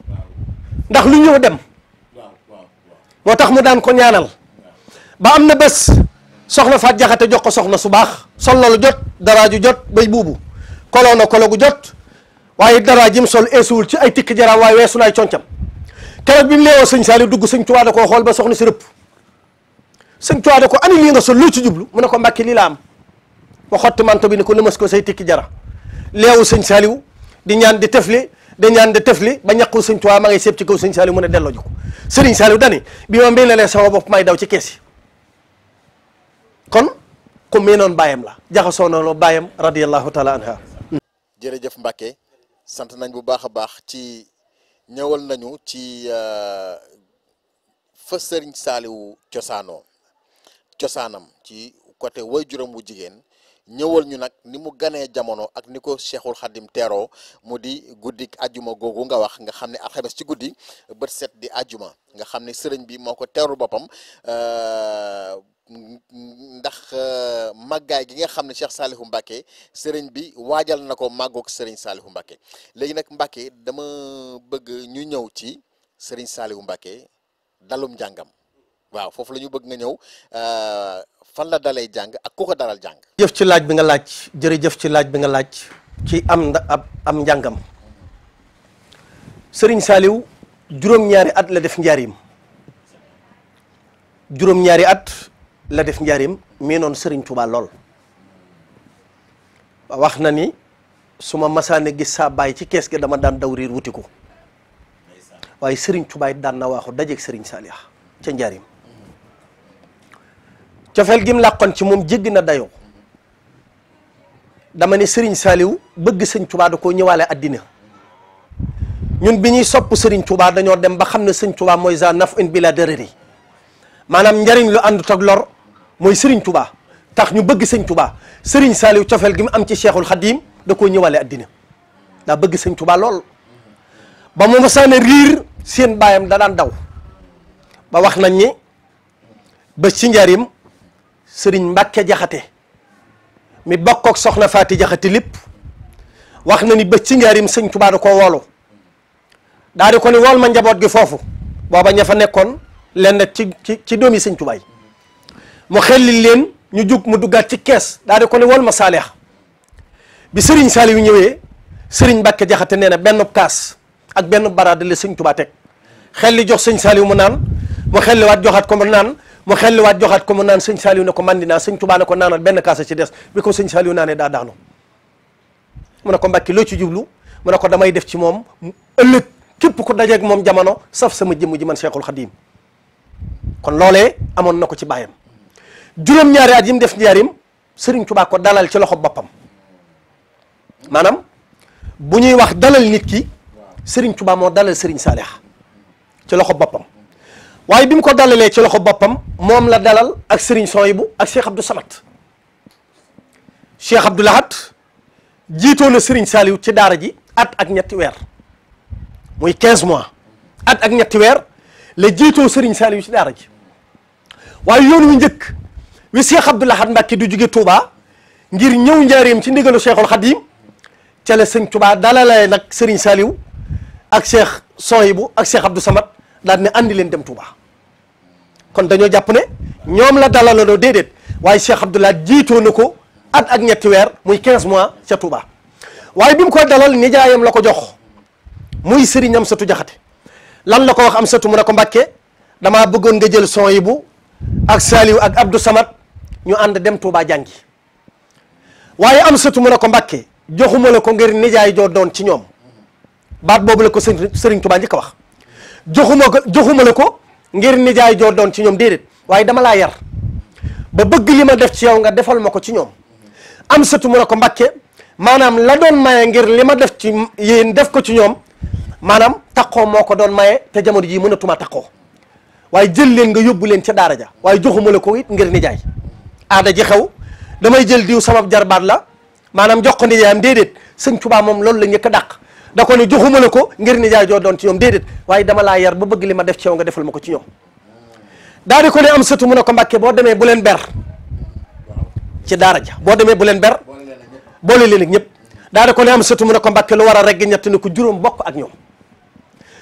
ndax lu ñëw dem moo tax mu daan ko ñaanal ba am na bés soxna Faat Jaxate jox ko soxna su baax sol la lu jot daraaju jot bay buubu koloo na jot waaye dara jim sol eesuwul ci ay tikki jaraam waaye weesu naay concam keroog bi mu leewoo sëñ Saliou dugg sëñ Tuubaa da koo xool ba soxna si rëpp sëñ Tuubaa ko ani lii nga sol lu ci jublu mu ne ko mbàkki lii la am ba manto bi ni ko lëmas ko say tikki jara leewu sëñ Saliou di ñaan di tefli di ñaan di tefli ba ñàqu sëñ Tuubaa ma ngay seeb ci kaw sëñ Saliou mu ne delloo ko sëriñ Saliou dani bi ma mbéylalee sama bopp may daw ci kees yi kon ku meenoon la jaxasoo noonu bàyyam radiyallahu taala anha jërëjëf Mbacke sant nañ bu baax a baax ci ñëwal nañu ci euh, fa sëriñ saaliwu cosaanoo cosaanam ci côté way juróom wu jigéen ñëwal ñu nag ni mu ganee jamono ak ni ko Cheikhul Khadim teeroo mu di guddik ajuma googu nga wax nga xam ne alxames ci guddi bët set di ajuma nga xam ne sëriñ bi moo ko teerul boppam euh, ndax euh, màggaay gi nga xam ne Cheikh Salihu mbake sëriñ bi waajal na ko màggoog sëriñ Salihu mbake léegi nag Mbacke dama bëgg ñu ñëw ci sëriñ Salihu mbake dalum njàngam waaw foofu la bëgg nga ñëw euh, fan la dalay jàng ak ku dalal jàng. jëf ci laaj bi nga laaj jërëjëf ci laaj bi nga laaj ci am nda am njàngam sëriñ Saliou juróom-ñaari at la def njaarim juróom at la def njaarim mii noonu sëriñ Touba lool wax na ni su ma masaane gis saa baay ci kees gi dama daan daw riir wuti ko waaye Serigne Touba daan na waaxu dajeeg Serigne Saliou ca njaarim cofeel gim làqoon ci moom jéggi na dayoo dama ne sëriñ Saliou bëgg sëñ Touba da koo ñëwaale àddina ñun bi ñuy sopp sëriñ Touba dañoo dem ba xam ne sëñ Touba mooy za naf in bila dërëri maanaam njariñ lu ànd ak lor mooy Serigne Touba tax ñu bëgg sëñ Touba Serigne Saliou cofeel gi mu am ci Cheikhul Khadim da koo ñëwaale àddina daa bëgg sëñ Touba lool ba mu masaane riir seen baayam da daan daw ba wax nañ ni ba ci njariñ sëriñ Mbàkke jaxate mi bokk ak soxna faati jaxate lépp wax na ni ba ci njaarim sëñ Tuubaa da ko ni wool ma njaboot gi foofu booba ña fa nekkoon lenn ci ci ci doomi sëñ Tuubaa yi mu xellil leen ñu jug mu duggaat ci kees daa ko ni wool ma saaleex bi sëriñ Saaliw ñëwee sëriñ Mbàkke jaxate nee na benn kaas ak benn baraade la sëñ Tuubaa teg jox sëñ Saaliw mu naan mu xelliwaat joxaat ko mu naan mu xelliwaat joxaat ko mu naan sëñ Saliou ne ko man di naa sëñ Tuubaa ne ko naanal benn kaasa ci des bi ko sëñ Saliou naanee daa daanu mu ne ko mbàkki loo ci jublu mu ne ko damay def ci moom ëllëg képp ko dajeeg moom jamono saf sama jëmm ji man Cheikhul Khadim kon loole amoon na ko ci baayam juróom-ñaari at yi mu def njaarim sëriñ Tuubaa ko dalal ci loxo boppam maanaam bu ñuy wax dalal nit ki sëriñ Tuubaa moo dalal sëriñ Saalix ci loxo boppam waaye bi mu ko dalalee ci loxo boppam moom la dalal ak Serigne bu ak Cheikh Abdou Samad Cheikh Abdou Lahad jiitoo na Serigne Saliou ci daara ji at ak ñetti weer muy 15 mois at ak ñetti weer la jiitoo Serigne Saliou ci daara ji waaye yoon wu njëkk wi Cheikh Abdou Lahad Mbacke du jóge Touba ngir ñëw njaareem ci ndigalu Cheikhul Khadim ca la sëñ Touba dalalee nag Serigne Saliou ak Cheikh Soyibu ak Cheikh Abdou Samad. daal ne andi leen dem Touba kon dañoo jàpp ne ñoom la dalalanoo déedéet waaye Cheikh Abdoulaye jiitoo na ko at ak ñetti weer muy 15 mois ca Touba waaye bi mu koy dalal nijaayam la ko jox muy sëriñ am satu jaxate lan la ko wax am satu mu a ko mbàkke damaa bëggoon nga jël son yi bu ak Saliou ak Abdou Samad ñu ànd dem Touba jàngi waaye am satu mu a ko mbàkke joxuma la ko ngir nijaay joo doon ci ñoom baat boobu la ko sëriñ Touba njëkk a wax joxuma ko joxuma la ko ngir nijaay joo doon ci ñoom déedéet waaye dama laa yar ba bëgg li def ci yow nga defal ma ko ci ñoom am sëtu mu ne ko mbakke maanaam la doon maye ngir li def ci yéen def ko ci ñoom maanaam takkoo moo ko doon maye te jamono jii mënatuma takkoo waaye jël leen nga yóbbu leen ca daara ja waaye joxuma la ko it ngir nijaay aada ji xew damay jël diw sabab jarbaat la maanaam jox ko nijaayam déedéet sëñ Tuubaa moom loolu la ñëkk a dàq da ko ne joxuma la ko ngir ni jaay joo doon ci ñoom déedéet waaye dama laa yar ba bëgg li ma def ci yow nga defal ma ko ci ñoom daal di ko ne am sëtu mu a ko mbàkke boo demee bu leen ber daara ja boo demee bu leen ber boole leen ak ñëpp daal di ko ne am sëtu mu ne ko mbàkke lu war a regg ñett ne ko juróom bokk ak ñoom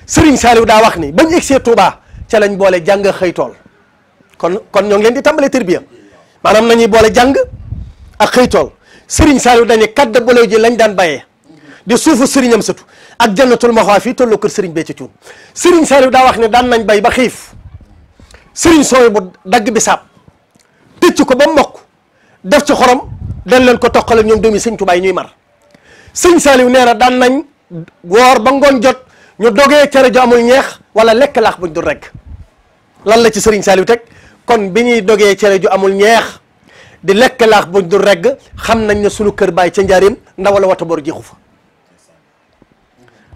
Serigne Saliou daa wax ni bañ egsee Touba ca lañ boole jàng xëy tool kon kon ñoo ngi leen di tàmbalee tarbiya maanaam nañuy boole jàng ak xëy tool Serigne Saliou dañu kadda boole ji lañ daan bayee di suufu Serigne am satu ak jannatul maxwaa fii tolloo kër Serigne Béthio Thioune sëriñ Saliou daa wax ne daan nañ bay ba xiif Serigne sooy bu dagg bi saab tëcc ko ba mokk def ci xorom den leen ko toqale ñoom doomi Serigne Touba ñuy mar Serigne Saliou nee na daan nañ woor ba ngoon jot ñu dogee cere ju amul ñeex wala lekk laax buñ dul rek lan la ci Serigne Saliou teg kon bi ñuy dogee cere ju amul ñeex di lekk laax buñ dul regg xam nañ ne sunu kër baay ca njaarim ndaw la wata bor jeexu fa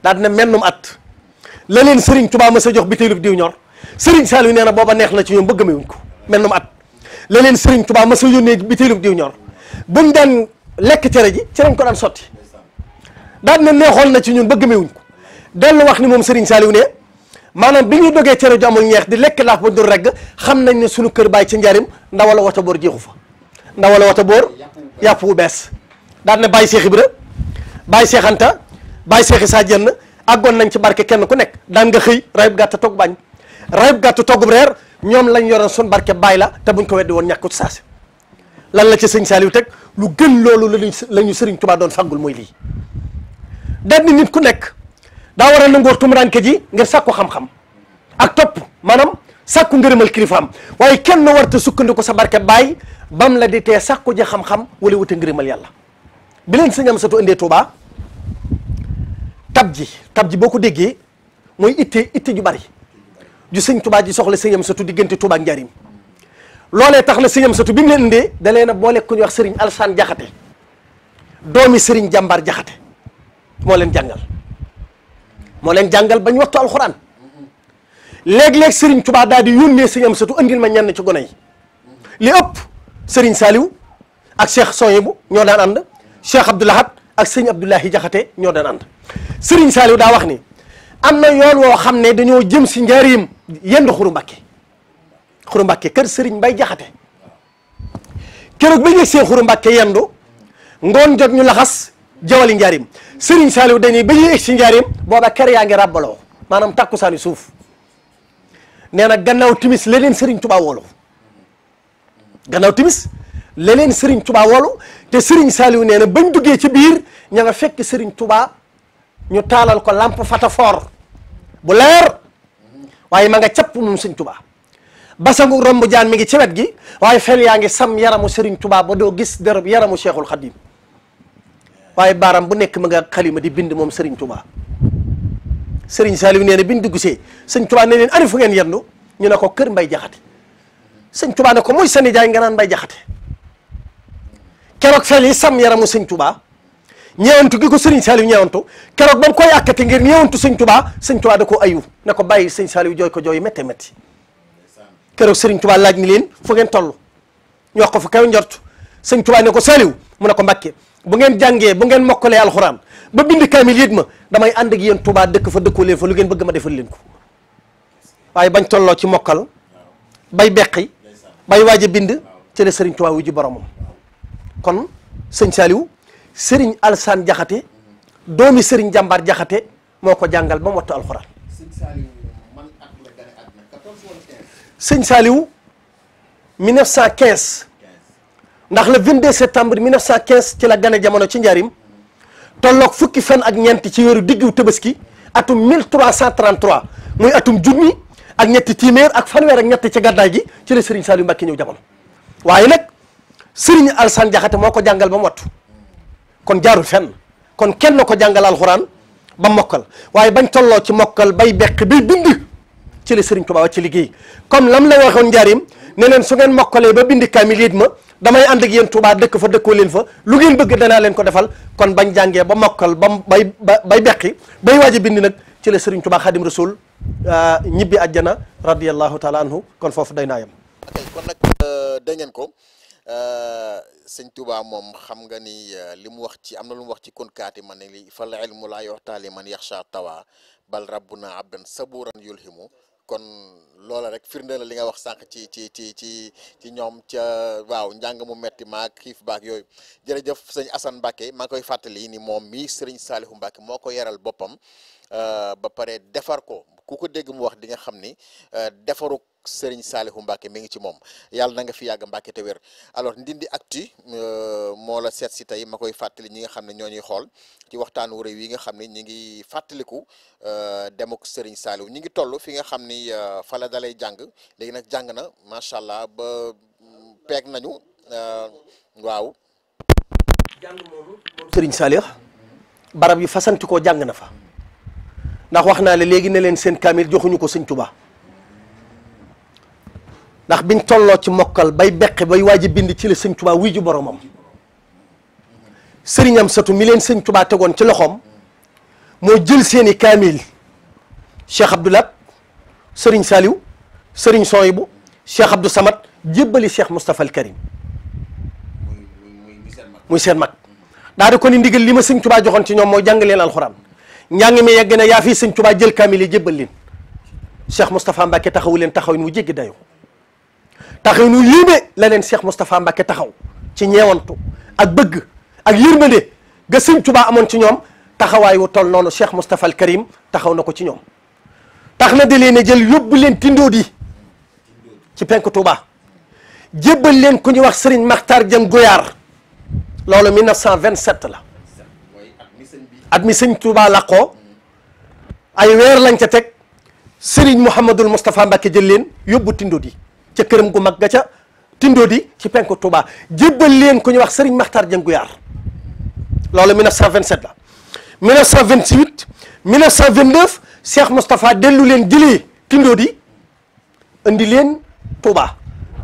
daa dina mennum at la leen Serigne Touba ma sa jox bitéelub diw ñor Serigne Saliou nee na booba neex na ci ñoom ba gëmewuñ ko mennum at la leen Serigne Touba ma sa yónnee bitéelub diw ñor buñ daan lekk cere ji ci ko daan sotti daa dina neexoon na ci ñun ba gëmewuñ ko dellu wax ni moom Serigne saaliw ne maanaam bi ñuy dogee cere ju amul ñeex di lekk laaf ba dul regg xam nañ ne suñu kër bàyyi ci njarim ndawala wata boor jeexu fa ndawala wata boor yàpp wu bees daan na bàyyi Cheikh Ibra bàyyi Cheikh Anta bàyyi seexi saa jenn àggoon nañ ci barke kenn ku nekk daan nga xëy rayub gàtt toog bañ rayub gàtt toggub reer ñoom lañ yoroon sun barke bàyyi la te buñ ko weddi woon ñàkkut saasi lan la ci sëñ Saliou teg lu gën loolu lañu lañu sëriñ Tuubaa doon fàggul mooy lii daan nit ku nekk daa war a nangoor tumuraanke ji ngir sàkku xam-xam ak topp maanaam sàkku ngërëmal kilifaam waaye kenn warta sukkandiku sa barke bàyyi bam la di tee sàkku ji xam-xam wala wute ngërëmal yàlla bi leen sëñ am satu indee Tuubaa tab ji tab ji boo ko déggee mooy itte itte ju bari ju sëñ tubaa ji soxla sëñam satu diggante tubaa njariñ loole tax na sëñam satu bi mu leen indee da leen a boole ku ñuy wax sëriñ alsaan jaxate doomi sëriñ jàmbaar jaxate moo leen jàngal moo leen jàngal bañ wattu alxuraan léeg-léeg sëriñ tubaa daal di yónnee sëñam satu andil ma ñenn ci gone yi li ëpp sëriñ saaliw ak cheikh soyibu ñoo daan ànd cheikh abdoulahat ak sëñ Abdoulahi Jaxate ñoo daan ànd sëriñ Saliou daa wax ni am na yoon woo xam ne dañoo jëm si njaarim yendu xuru Mbàkke xuru Mbàkke kër sëriñ Mbay Jaxate keroog ba yëg seen ngoon jot ñu laxas jawali njaarim sëriñ Saliou dañuy ba ñuy egg si njaarim booba kër yaa ngi ràbbaloo maanaam takkusaani suuf nee na gannaaw timis leneen sëriñ Tuubaa woolu gannaaw timis leneen sëriñ tubaa wolu te sëriñ Saliou nee na bañ duggee ci biir ña nga fekk sëriñ tubaa ñu taalal ko lampe fatafoor bu leer waaye ma nga capp moom Serigne Touba basangu romb jaan mi ngi ci wet gi waaye fel yaa ngi sam yaramu Serigne tubaa ba doo gis dërëb yaramu Cheikhul Khadim waaye baaram bu nekk ma nga di bind moom sëriñ Touba sëriñ Saliou nee na biñ dugg see Serigne Touba ne leen ani fu ngeen yendu ñu ne ko kër Mbay Jaxate Serigne Touba ne ko mooy sa nijaay keroog fel yi sam yaramu sëñ tubaa ñeewantu gi ko sëriñ Saliou ñeewantu keroog ba mu ko yàkkati ngir ñeewantu sëñ tubaa sëñ tubaa da ko ayu ne ko bàyyi sëñ Saliou jooy ko jooy métti métti keroog sëriñ tubaa laaj ni leen fu ngeen toll ñu wax ko fu kaw njort sëñ tubaa ne ko Saliou mu ne ko Mbàkke bu ngeen jàngee bu ngeen mokkalee alxuraan ba bind kaamil yit ma damay ànd ak yéen tubaa dëkk fa dëkkoo leen fa lu ngeen bëgg ma defal leen ko waaye bañ tolloo ci mokkal bay beqi bay waaj bind ci la sëriñ tubaa wu ji kon sëñ Saliou sëriñ Alsaan Jaxate doomi sëriñ jàmbaar Jaxate moo ko jàngal ba mu wattu alxuraan sëñ Saliou 1915 ndax le 22 septembre 1915 ci la gane jamono ci njaarim tolloog fukki fan ak ñeenti ci weeru diggu Tabaski atum 1333 muy atum junni ak ñetti téeméer ak fanweer ak ñett ci gàddaay gi ci la Serigne Saliou Mbacké ñëw jamono waaye nag sëriñ Alsaan Jaxate moo ko jàngal ba mu wattu kon jaaru fenn kon kenn ko jàngal alxuraan ba mokkal waaye bañ tolloo ci mokkal bay beq bay bind ci la sëriñ Tuubaa ci liggéey comme lam la waxoon njaarim ne leen su ngeen mokkalee ba bind kaamil it ma damay ànd ak yéen dëkk fa dëkkoo leen fa lu ngeen bëgg danaa leen ko defal kon bañ jàngee ba mokkal ba bay bay beqi bay waaj a bind nag ci la sëriñ Tuubaa Xaadim Rasuul euh, ñibbi àjjana radiyallahu taala anhu kon foofu day naa yem. ok euh, ko. Euh, sëñ Touba moom xam nga ni euh, li mu wax ci am na lu wax ci konkaati ma ne li fal ilmu laa yoxtaali man yaxsha tawa bal rabbuna abdan saburan yulhimu kon loola rek firnde la li nga wax sànq ci ci ci ci ci ñoom ca waaw njàng mu metti maag xiif baak yooyu jërëjëf sëñ Assane Mbacke maa koy fàttali ni moom mi sëriñ Saalihu Mbacke moo ko yaral boppam euh, ba pare defar ko ku ko dégg mu wax di nga xam ni defaru Serigne Saalihu Mbacke mi ngi ci moom yàlla na nga fi yàgg Mbacke te wér alors Ndindy Actu euh, moo la seet si tey ma koy fàttali ñi nga xam ne ñoo ñuy xool ci waxtaan wu réew yi nga xam ne ñi ngi fàttaliku euh, demuk Serigne Saalihu ñi ngi toll fi nga xam ni euh, fala la dalay jàng léegi nag jàng na macha allah ba mm, peeg nañu waaw. jàng moomu moom Serigne barab yi fasanti jàng na fa ndax wax naa la léegi ne leen seen kaamil joxuñu ko sëñ Tuubaa ndax biñ tolloo ci mokkal bay beqe bay waaj a bind ci la sëñ tubaa wuy ju boromam sëriñam satu mi leen sëñ tubaa tegoon ci loxoom moo jël seeni kaamil cheikh abdoulat sëriñ saaliw sëriñ sooyibu cheikh abdou samad jébbali cheikh moustapha al karim muy seen mag daa di ko ni ndigal li ma sëñ tubaa joxoon ci ñoom mooy jàng leen alxuraan njàng mi yegg na yaa fii sëñ tubaa jël kaamil yi jébbal leen cheikh moustapha mbàkke taxawu leen taxawin mu jéggi dayo taxaw nu yéeme la leen Cheikh Moustapha Mbacké taxaw ci ñeewantu ak bëgg ak yërmande ga sëñ Tuubaa amoon ci ñoom taxawaay wu toll noonu Cheikh Moustapha al taxaw na ko ci ñoom tax na da leen a jël yóbbu leen tindoo di ci penk Touba jébbal leen ku ñuy wax Serigne Makhtar Dieng Goyaar loolu 1927 la at mi sëñ Touba làqoo ay weer lañ ca teg Serigne Mouhamadul Moustapha Mbacké jël leen yóbbu tindoo di ca këram gu mag ga ca tindo di ci penku Touba jébbal leen ku ñuy wax Serigne Makhtar Dieng Guyaar loolu 1927 la 1928 1929 Cheikh Moustapha dellu leen jëlee tindo di indi leen Touba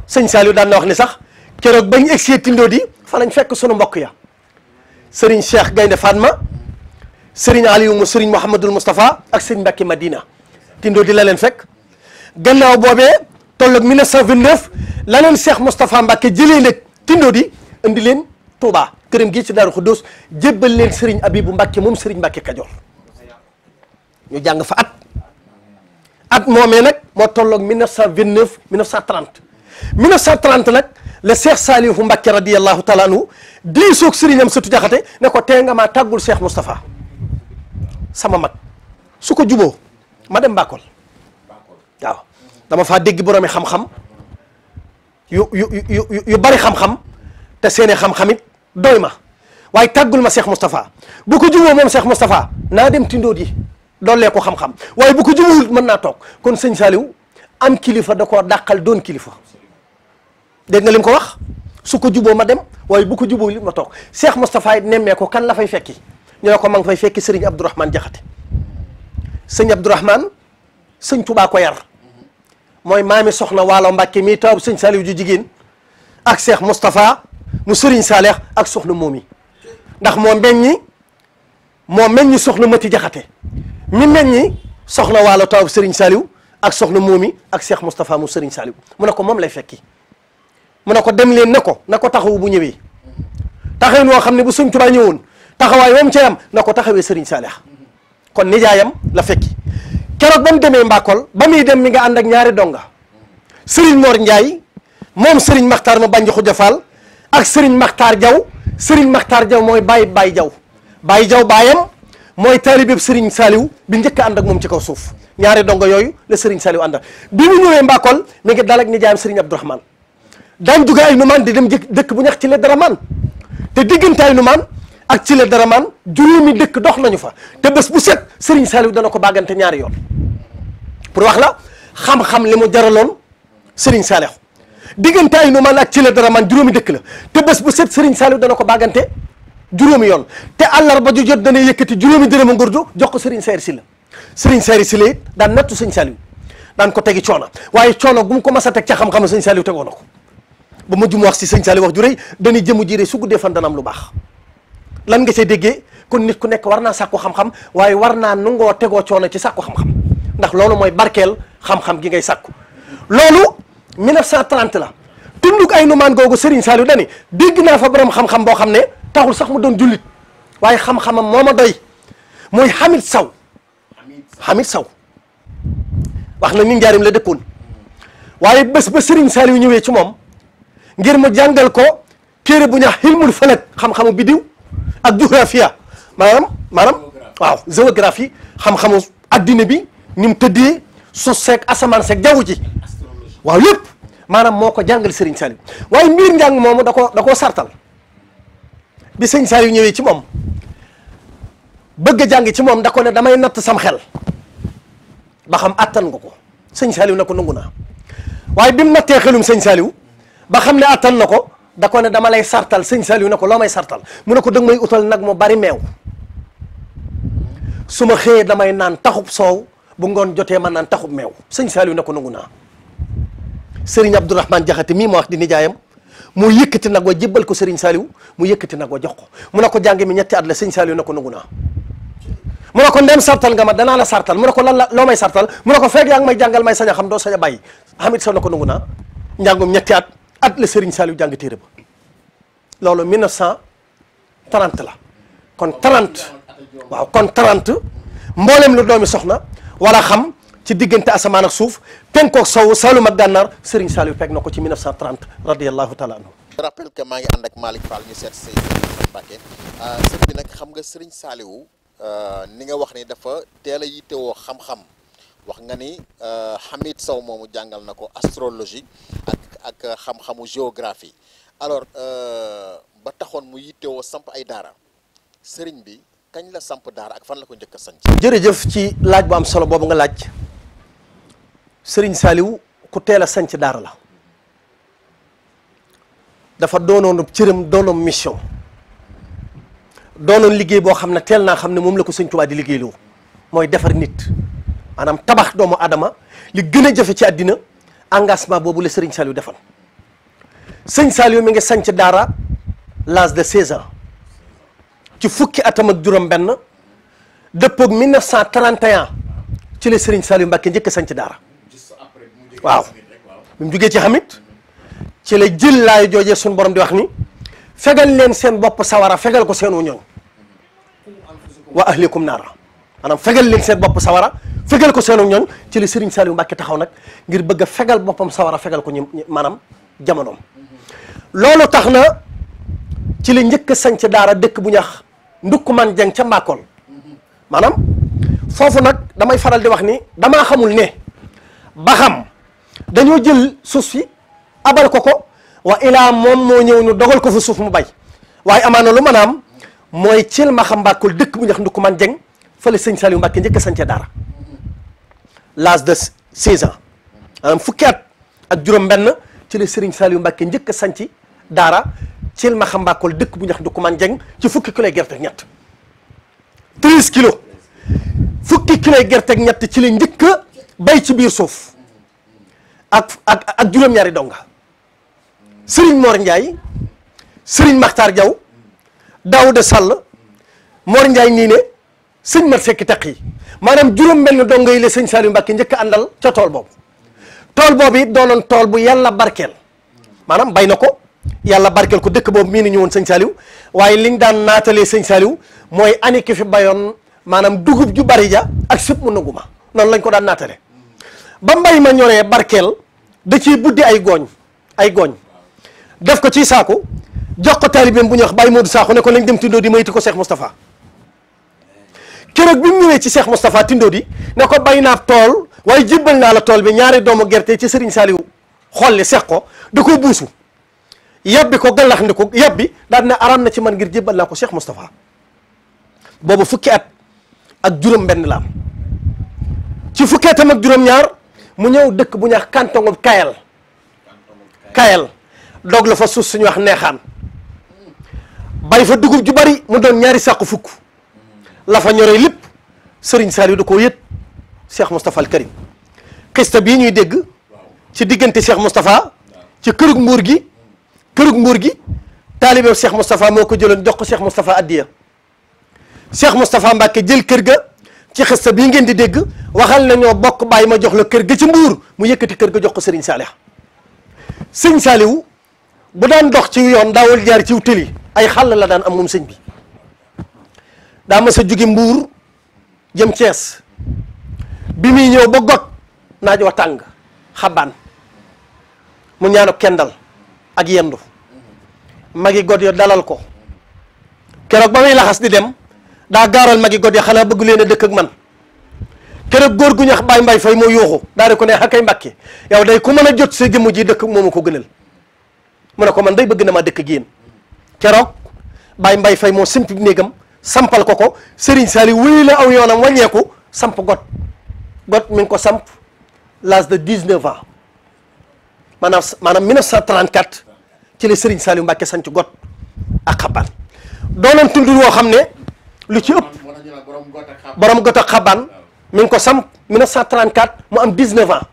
sëñ Saliou daan na wax ni sax keroog bañ egsee tindo di fa lañ fekk sunu mbokk ya Serigne Cheikh Gaynde Fatma Serigne Aliou mu Serigne Mouhamadul Moustapha ak Serigne Mbacke Madina tindo di la leen fekk gannaaw boobee. tolloog 1929 la leen Cheikh Moustapha Mbacke jëlee nag tindo di indi leen Touba këram gi ci Daaru Xuddoos jébbal leen Serigne Abibou mbakke moom Serigne mbakke Kajoor ñu jàng fa at at moomee nag moo tollook tolloog 1929 1930 1930 nag la Cheikh Salihu Mbacke radiyallahu taala anhu diisoog Serigne am sëtu jaxate ne ko tee nga maa tàggul Cheikh Moustapha sama mag su ko juboo ma dem Mbakol dama fa dégg boroomi xam-xam yu yu yu yu bari xam-xam te seene xam-xam it doy ma waaye tàggul ma Cheikh Moustapha bu ko juboo moom Cheikh Moustapha naa dem tindóot di doolee ko xam-xam waaye bu ko jubawul mën naa toog kon sëñ Saliou am kilifa da koo dàqal doon kilifa dégg nga li ko wax su ko juboo ma dem waaye bu ko juboo li ma toog Cheikh Moustapha it nemmee ko kan la fay fekki ñoo ko ma nga fay fekki sëriñ Abdourahmane Jaxate sëñ Abdourahmane sëñ Tubaa ko yar mooy maami soxna waalo Mbàkke mii taw sëñ Saliou ju jigéen ak Cheikh Moustapha mu sëriñ Saaleex ak soxna moom yi ndax moo meññi moo meññi soxna Mati Jaxate mi meññi soxna waalo taw sëriñ Saliou ak soxna moom yi ak Cheikh Moustapha mu sëriñ Saliou mu ne ko moom lay fekki mu ne ko dem leen ne ko na ko taxawu bu ñëwee taxawin woo xam ne bu suñ Tuubaa ñëwoon taxawaay moom ca yam na ko taxawee sëriñ Saaleex kon nijaayam la fekki keroog ba mu demee Mbakol ba muy dem mi nga ànd ak ñaari donga Serigne moor Ndiaye moom Serigne Makhtar ma Banji Khoudia Fall ak Serigne Makhtar Diaw Serigne Makhtar Diaw mooy Baye Baye Diaw Baye Diaw baayam mooy taalibeeb Serigne Saliou bi njëkk a ak moom ci kaw suuf ñaari donga yooyu la Serigne Saliou ànd bii mu ñëwee Mbakol mi ngi dal ak nijaayam Serigne Abdourahmane daan jóge ay numaan di dem dëkk bu ñax ci dara daramaan te diggante ay numaan ak ci la dara maan juróomi dëkk dox nañu fa te bés bu set Serigne Saliou dana ko bàggante ñaari yoon pour wax la xam-xam li mu jaraloon Serigne Saliou diggante ay nu maan ak ci la dara maan juróomi dëkk la te bés bu set Serigne Saliou dana ko bàggante juróomi yoon te àllarba ju jot dana yëkkati juróomi dërëmu ngurdu jox ko Serigne Saer Sylla Serigne Saer Sylla it daan nattu sëñ Saliou daan ko tegi coono waaye coono gu mu ko mas a teg ca xam-xam sëñ Saliou tegoo ko ba ma jum wax si Serigne Saliou wax ju rëy dañuy jëmu jiire su guddee dana am lu baax lan nga see déggee kon nit ku nekk war naa sàkku xam-xam waaye war naa nungoo tegoo coono ci sàkku xam-xam ndax loolu mooy barkeel xam-xam gi ngay sàkku loolu 1930 la tunduk ay numaan googu sëriñ Saliou dani dégg naa fa borom xam-xam boo xam ne taxul sax mu doon jullit waaye xam-xamam moo a doy mooy Hamid Saw Hamid Saw wax na ni njaarim la dëkkoon waaye bés ba Serigne Saliou ñëwee ci moom ngir mu jàngal ko téere bu ñax xilmul falak xam-xamu ak géographia ah. maanaam maanam waaw géographie xam-xamu addina bi ni mu tëddee suuf seeg asamaan seeg jaww ji waaw lépp maanaam moo ko jàngal Serigne Saliou waaye mbir njàng moomu da koo sartal bi Serigne Saliou ñëwee ci moom bëgga a jàng ci moom da ne damay natt sam xel ba xam attan nga ko Serigne Saliou na ko nangu naa waaye bi mu nattee xelum sëñ Saliou ba xam ne attan na ko. da ko ne dama lay sartal sëñ Saliou ne ko loo may sartal mu ne ko dëgg may utal nag mu bari meew su ma xëyee damay naan taxub soow bu ngoon jotee ma naan taxub meew sëñ Saliou ne ko nangu naa sëriñ Abdourahmane Jaxate mii ma wax di nijaayam mu yëkkati nag wa jébbal ko sëriñ Saliou mu yëkkati nag wa jox ko mu ne ko jàng mi ñetti at la sëñ Saliou ne ko nangu naa mu ne ko ndem sartal nga ma danaa la sartal mu ne ko lan la loo may sartal mu ne ko fekk ak ngi may jàngal may sañ a xam doo sañ a bàyyi xamit sax ko nangu naa njàngum ñetti at at la Serigne Saliou jàng téere ba loolu 1930 la kon 30 waaw kon 30 mboolem lu doomi soxna war xam ci diggante asamaan ak suuf penkook sowu Saalum ak gànnaar Serigne Saliou fekk na ko ci 1930 radiyallahu taala anhu je rappelle maa ngi ànd maalik Malick Fall ñu seet si Mbacke euh, sëñ xam nga Serigne Saliou euh, ni nga wax ni dafa teel a yittewoo xam-xam wax nga ni euh, Hamid Sow moomu jàngal na ko astrologie ak ak xam-xamu géographie alors euh, ba taxoon mu yittewoo samp ay daara sëriñ bi kañ la samp daara ak fan la ko njëkk a sanc jërëjëf ci laaj bu am solo boobu nga laaj sëriñ Saaliw ku teel a sanc daara la dafa doonoon cëram doonoon mission doonoon liggéey boo xam ne teel naa xam ne moom la ko sëñ Tuubaa di liggéeyloo mooy defar nit maanaam tabax doomu aadama li gën a jafe ci àddina engagement boobu la Serigne Saliou defoon sëñ Saliou mi ngi sanc daara l'âge de 16 ci fukki atam ak juróom-benn dëppoog 1931 ci la sëriñ Saliou Mbacke njëkk a sanc daara waaw mu jugee ci xamit ci la jël laay joojee suñu borom di wax ni fegal leen seen bopp sawara fegal ko seen wu ñooñ wa ahlikum naara maanaam fegal leen seen bopp sawara fegal ko seenu ñoñ ci li Serigne Saliou Mbacké taxaw nag ngir bëgg a fegal boppam sawara fegal ko ñu maanaam jamonoom loolu tax na ci li njëkk a sanc daara dëkk bu ñax ndukk man jeng ca mbaakool maanaam foofu nag damay faral di wax ni damaa xamul ne ba xam dañoo jël suuf si abal ko ko wa ilaa moom moo ñëw ñu dogal ko fa suuf mu bay waaye amaana lu mën a am mooy cil ma xam mbaakool dëkk bu ñax ndukk man jeng fële sëñ Saliou Mbacke njëkk a sànce daara l'âge de 16 ans maanaam fukki at ak juróom-benn ci la Serigne Saliou Mbacke njëkk a sànci daara Thiel ma xam Mbackool dëkk bu ñax Ndoukoumane Dieng ci fukki kilo gerte ak ñett 13 kilos fukki kilo gerte ak ñett ci la njëkk bay ci biir suuf ak ak ak juróom-ñaari donga Serigne Mor Ndiaye Serigne Makhtar Diaw Daouda Sall Mor Ndiaye nii ne. sëñ mat sekki taq yi maanaam juróom benn dongo yi la sëñ Saliou Mbacke njëkk a àndal ca tool boobu tool boobu it doonoon tool bu yàlla barkeel maanaam bay na ko yàlla barkeel ko dëkk boobu mii ni ñu woon sëñ Saliou waaye liñ daan naatalee sëñ Saliou mooy ani ki fi bayoon maanaam dugub ju bari ja ak sëb mu nangu ma noonu lañ ko daan naatale ba mbay ma ñoree barkeel da ciy buddi ay gooñ ay gooñ def ko ci saaku jox ko taalibeem bu ñuy wax Baye Modou Sakho ne ko nañ dem tindoo di mayti ko Cheikh keroog bi mu ñëwee ci Cheikh Moustapha Tindodi ne ko bay naa tool waaye jébbal naa la tool bi ñaari doomu gerte ci Serigne Saliou xolli seq ko da koo buusu yabbi ko gallax ndi ko yabbi daal ne aram na ci man ngir jébbal naa ko Cheikh Moustapha boobu fukki at ak juróom benn la am ci fukki atam ak juróom-ñaar mu ñëw dëkk bu ñax kantongu kayal kayal dog la fa suuf suñu wax neexaan bay fa dugub ju bari mu doon ñaari sàqu fukk lafa fa lépp sëriñ Saliou da koo yët Cheikh Moustapha al Karim xista bii ñuy dégg ci diggante Cheikh Moustapha ci kërug nguur gi kërug nguur gi taalibeem Cheikh Moustapha moo ko jëloon jox ko Cheikh Moustapha addiya Cheikh Moustapha Mbacke jël kër ga ci xista bii ngeen di dégg waxal ñoo bokk baay ma jox la kër ga ci mbuur mu yëkkati kër ga jox ko Serigne Saliou Serigne Saliou bu daan dox ci yoon daawul jaar ci tëli ay xàll la daan am moom sëñ bi daa masa a mbuur jëm Cees bi muy ñëw ba got naaj wa tàng xabaan mu ñaanu kendal ak yendu magi got yo dalal ko keroog ba muy laxas di dem daa gaaral magi got ya xanaa bëgg leen dëkk ak man keroog góor gu ñax baay mbay fay moo yooxu daa di ko ne xakay mbàkke yow day ku mën a jot sa jëmm ji dëkk moomu ko gënal mu ne ko man day bëgg na ma dëkk ak keroog baay mbay fay moo simpi néegam sampal ko ko Serigne Saliou wuyu la aw yoonam wàññeeku samp got got mi ko samp l'âge de 19 ans maanaam maanaam 1934 ci la Serigne Saliou Mbacke sanc got ak xabaan doonoon tund woo xam ne lu ci ëpp borom got ak xabaan mi ngi ko samp 1934 mu am 19 ans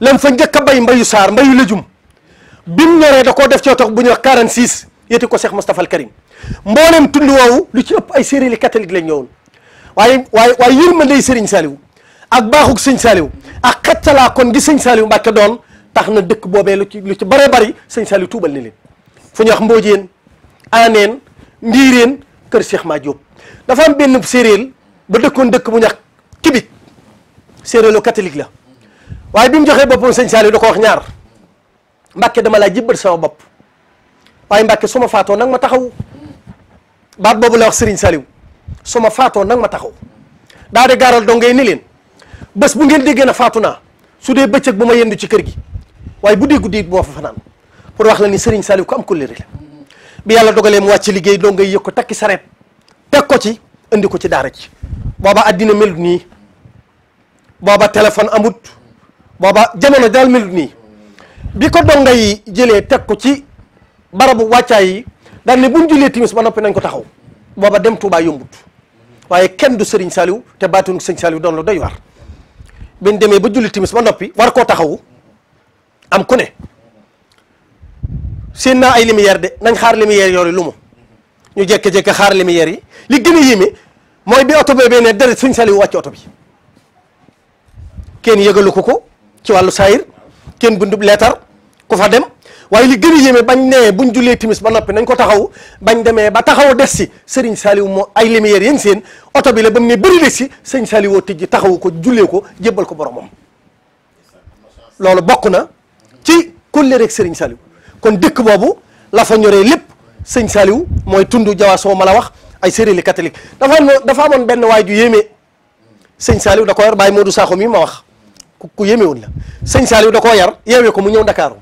lam fa njëkk a bay mbayu saar mbayu lëjum bi mu ñoree da koo def ci otox bu ñuy wax 46 yéeti ko Cheikh Moustapha Al Karim mboolem tund woowu lu ci ëpp ay séeréer catholique lañ ñëwoon waaye waaye waaye yërmandey sëriñ Saliou ak baaxug sëñ Saliou ak xettalaa gi sëñ Saliou Mbàkke doon tax na dëkk boobee lu ci lu ci bëree bëri sëñ Saliou tuubal ni leen fu ñuy wax Mbodjeen Ndiireen Kër Cheikh Ma Diop dafa am benn séeréer ba dëkkoon dëkk bu ñax kibik séeréeru catholique la waaye bi mu joxee boppam sëñ Saliou da ko wax ñaar Mbàkke dama laa jibbal sama bopp waaye Mbàkke su ma faatoo nag ma taxaw baat boobu la wax sëriñ Saliou su ma faatoo nag ma taxaw daa de gaaral dongay ni leen bés bu ngeen déggee na faatu naa su dee bëccëg bu ma yendu ci kër gi waaye bu dee guddi it bu ma fa fanaan pour wax la ni Serigne Saliou ko am kóllëre la bi yàlla dogalee mu wàcc liggéey donga yëg ko takki sareet teg ko ci andi ko ci daara ci booba addina melut nii booba téléphone amut booba jamono daal melut nii bi ko dongay jëlee teg ko ci barabu wàccaay yi daal ne bu ñu jullee timis ba noppi nañ ko taxaw booba dem Touba yombut waaye kenn du sëriñ Saliou te baatinu Sëñ Saliou doon la doy war biñ demee ba julli timis ba noppi war koo taxawu am ku ne seen naa ay lumière de nañ xaar lumière yooyu lu mu ñu jékki-jékki xaar lumière yi li gën a yéeme mooy bi oto bee ne deret Sëñ Saliou wàcc oto bi kenn yëgalu ko ko ci wàllu saayir kenn bindub leetar ku fa dem waaye li gën a yéeme bañ nee buñ jullee timis ba noppi nañ ko taxaw bañ demee ba taxaw des si Serigne Saliou moo ay lumière yéen seen oto bi la bam ne bëri des si Serigne Saliou tijji taxawu ko jullee ko jébbal ko boromam loolu bokk na ci kulle rek Serigne Saliou kon dëkk boobu la fa lépp sëñ Saliou mooy tundu jawaasoo ma la wax ay séréli catholique dafa am dafa amoon benn waay ju yéeme sëñ Saliou da ko yar Baye Modou Sakho mi ma wax ku yéeme woon la sëñ Saliou ko mu ñëw Ndakaaru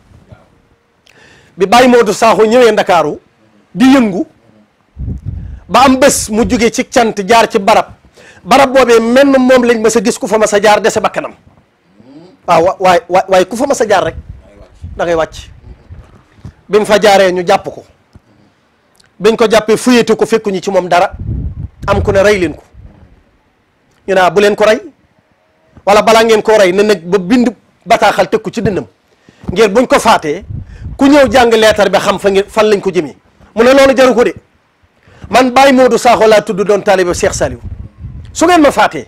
bi Baye Modou Sakho ñëwee Ndakaaru di yëngu ba am bés mu jóge ci cant jaar ci barab barab boobee menn moom lañ ma sa gis ku fa ma sa jaar dese bakkanam waaw waaye ku fa ma sa jaar rek dangay wàcc bi fa jaaree ñu jàpp ko biñ ko jàppee fuyete ko fekkuñu ci moom dara am ku ne rey leen ko ñu naa ah, bu leen ko rey walla balaa ngeen koo rey ne nag ba bind bataaxal tëkku ci dënnam ngir buñ ko faatee ku ñëw jàng leetar bi xam fa ngeen fan lañ ko jëmee mu ne loolu jaru ko de man Baye Modou Sakho laa tudd doon taalibe Cheikh Saliou su ngeen ma faatee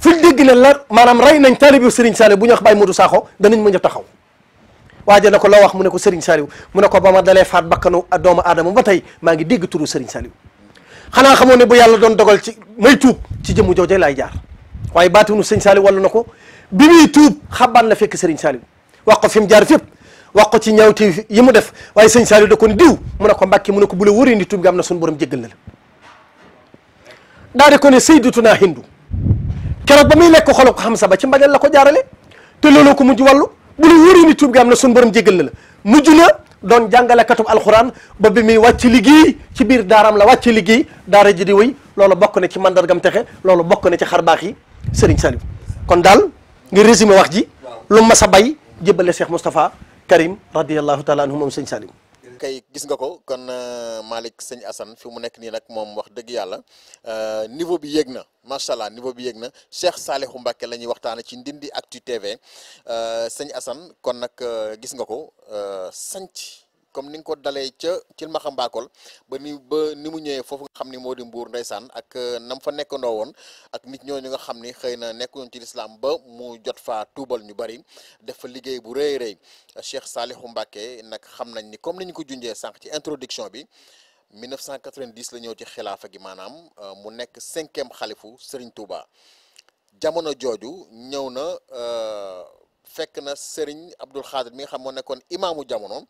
fu ñu dégg ne la maanaam rey nañ taalibe Serigne Saliou bu ñu wax Baye Modou Sakho danañ mën a taxaw waaje na ko loo wax mu ne ko Serigne Saliou mu ne ko ba ma dalee faat bakkanu doomu aadama ba tey maa ngi dégg turu seriñ Saliou xanaa xamoo ne bu yàlla doon dogal ci may tuub ci jëmu joojee laay jaar waaye baatinu Serigne Saliou wàllu na ko bi muy tuub xabaan la fekk Serigne Saliou wax ko fi mu jaar fépp wax ko ci ñaawte yi mu def waaye sëñ Saliou da kon diw mu ne ko Mbàkke mu ne ko bu la wëree ni tuub nga am na suñu borom jéggal na la daa di ko ne sayyidatuna Hindu keroog ba muy lekk xolo ko xam sa ba ci mbañal la ko jaarale te looloo ko mujj wàllu bu la wëree ni tuub nga na suñu borom jéggal na la mujj na doon jàngalekatub alxuraan ba bi muy wàcc liggéey ci biir daaraam la wàcc liggéey daara ji di wéy loolu bokk na ci mandargam texe loolo bokk na ci xarbaax yi Serigne Saliou kon daal nga résumé wax ji mas a bay jébbale Cheikh Moustapha Karim radiyallahu taala anhu moom sëñ Salim. kay gis nga ko kon euh, Malick sëñ Assane fi mu nekk nii nag moom wax dëgg yàlla euh, niveau bi yéeg na macha allah niveau bi yéeg na Cheikh Salihou Mbacké la ñuy waxtaanee ci ndindi Actu TV euh, sëñ Assane kon nag gis nga ko sanc comme ni nga ko dalee ca ci Mbaakol ba ni ba ni mu ñëwee foofu nga xam ni moo di Mbuur ndeysaan ak euh, nam fa nekkandoo woon ak nit ñooñu nga xam ni xëy na nekkuñu ci lislaam ba mu jot faa tuubal ñu bari def fa liggéey bu rëy rëy Cheikh Saalihu Mbàkke nag xam nañ ni comme ni ñu ko junjee sànq ci introduction bi 1990 la ñëw ci xilaafa gi maanaam euh, mu nekk cinquième xalifu Serigne Touba jamono jooju ñëw na euh, fekk na Serigne Abdul Xaadir mi nga xam moo nekkoon imaamu jamono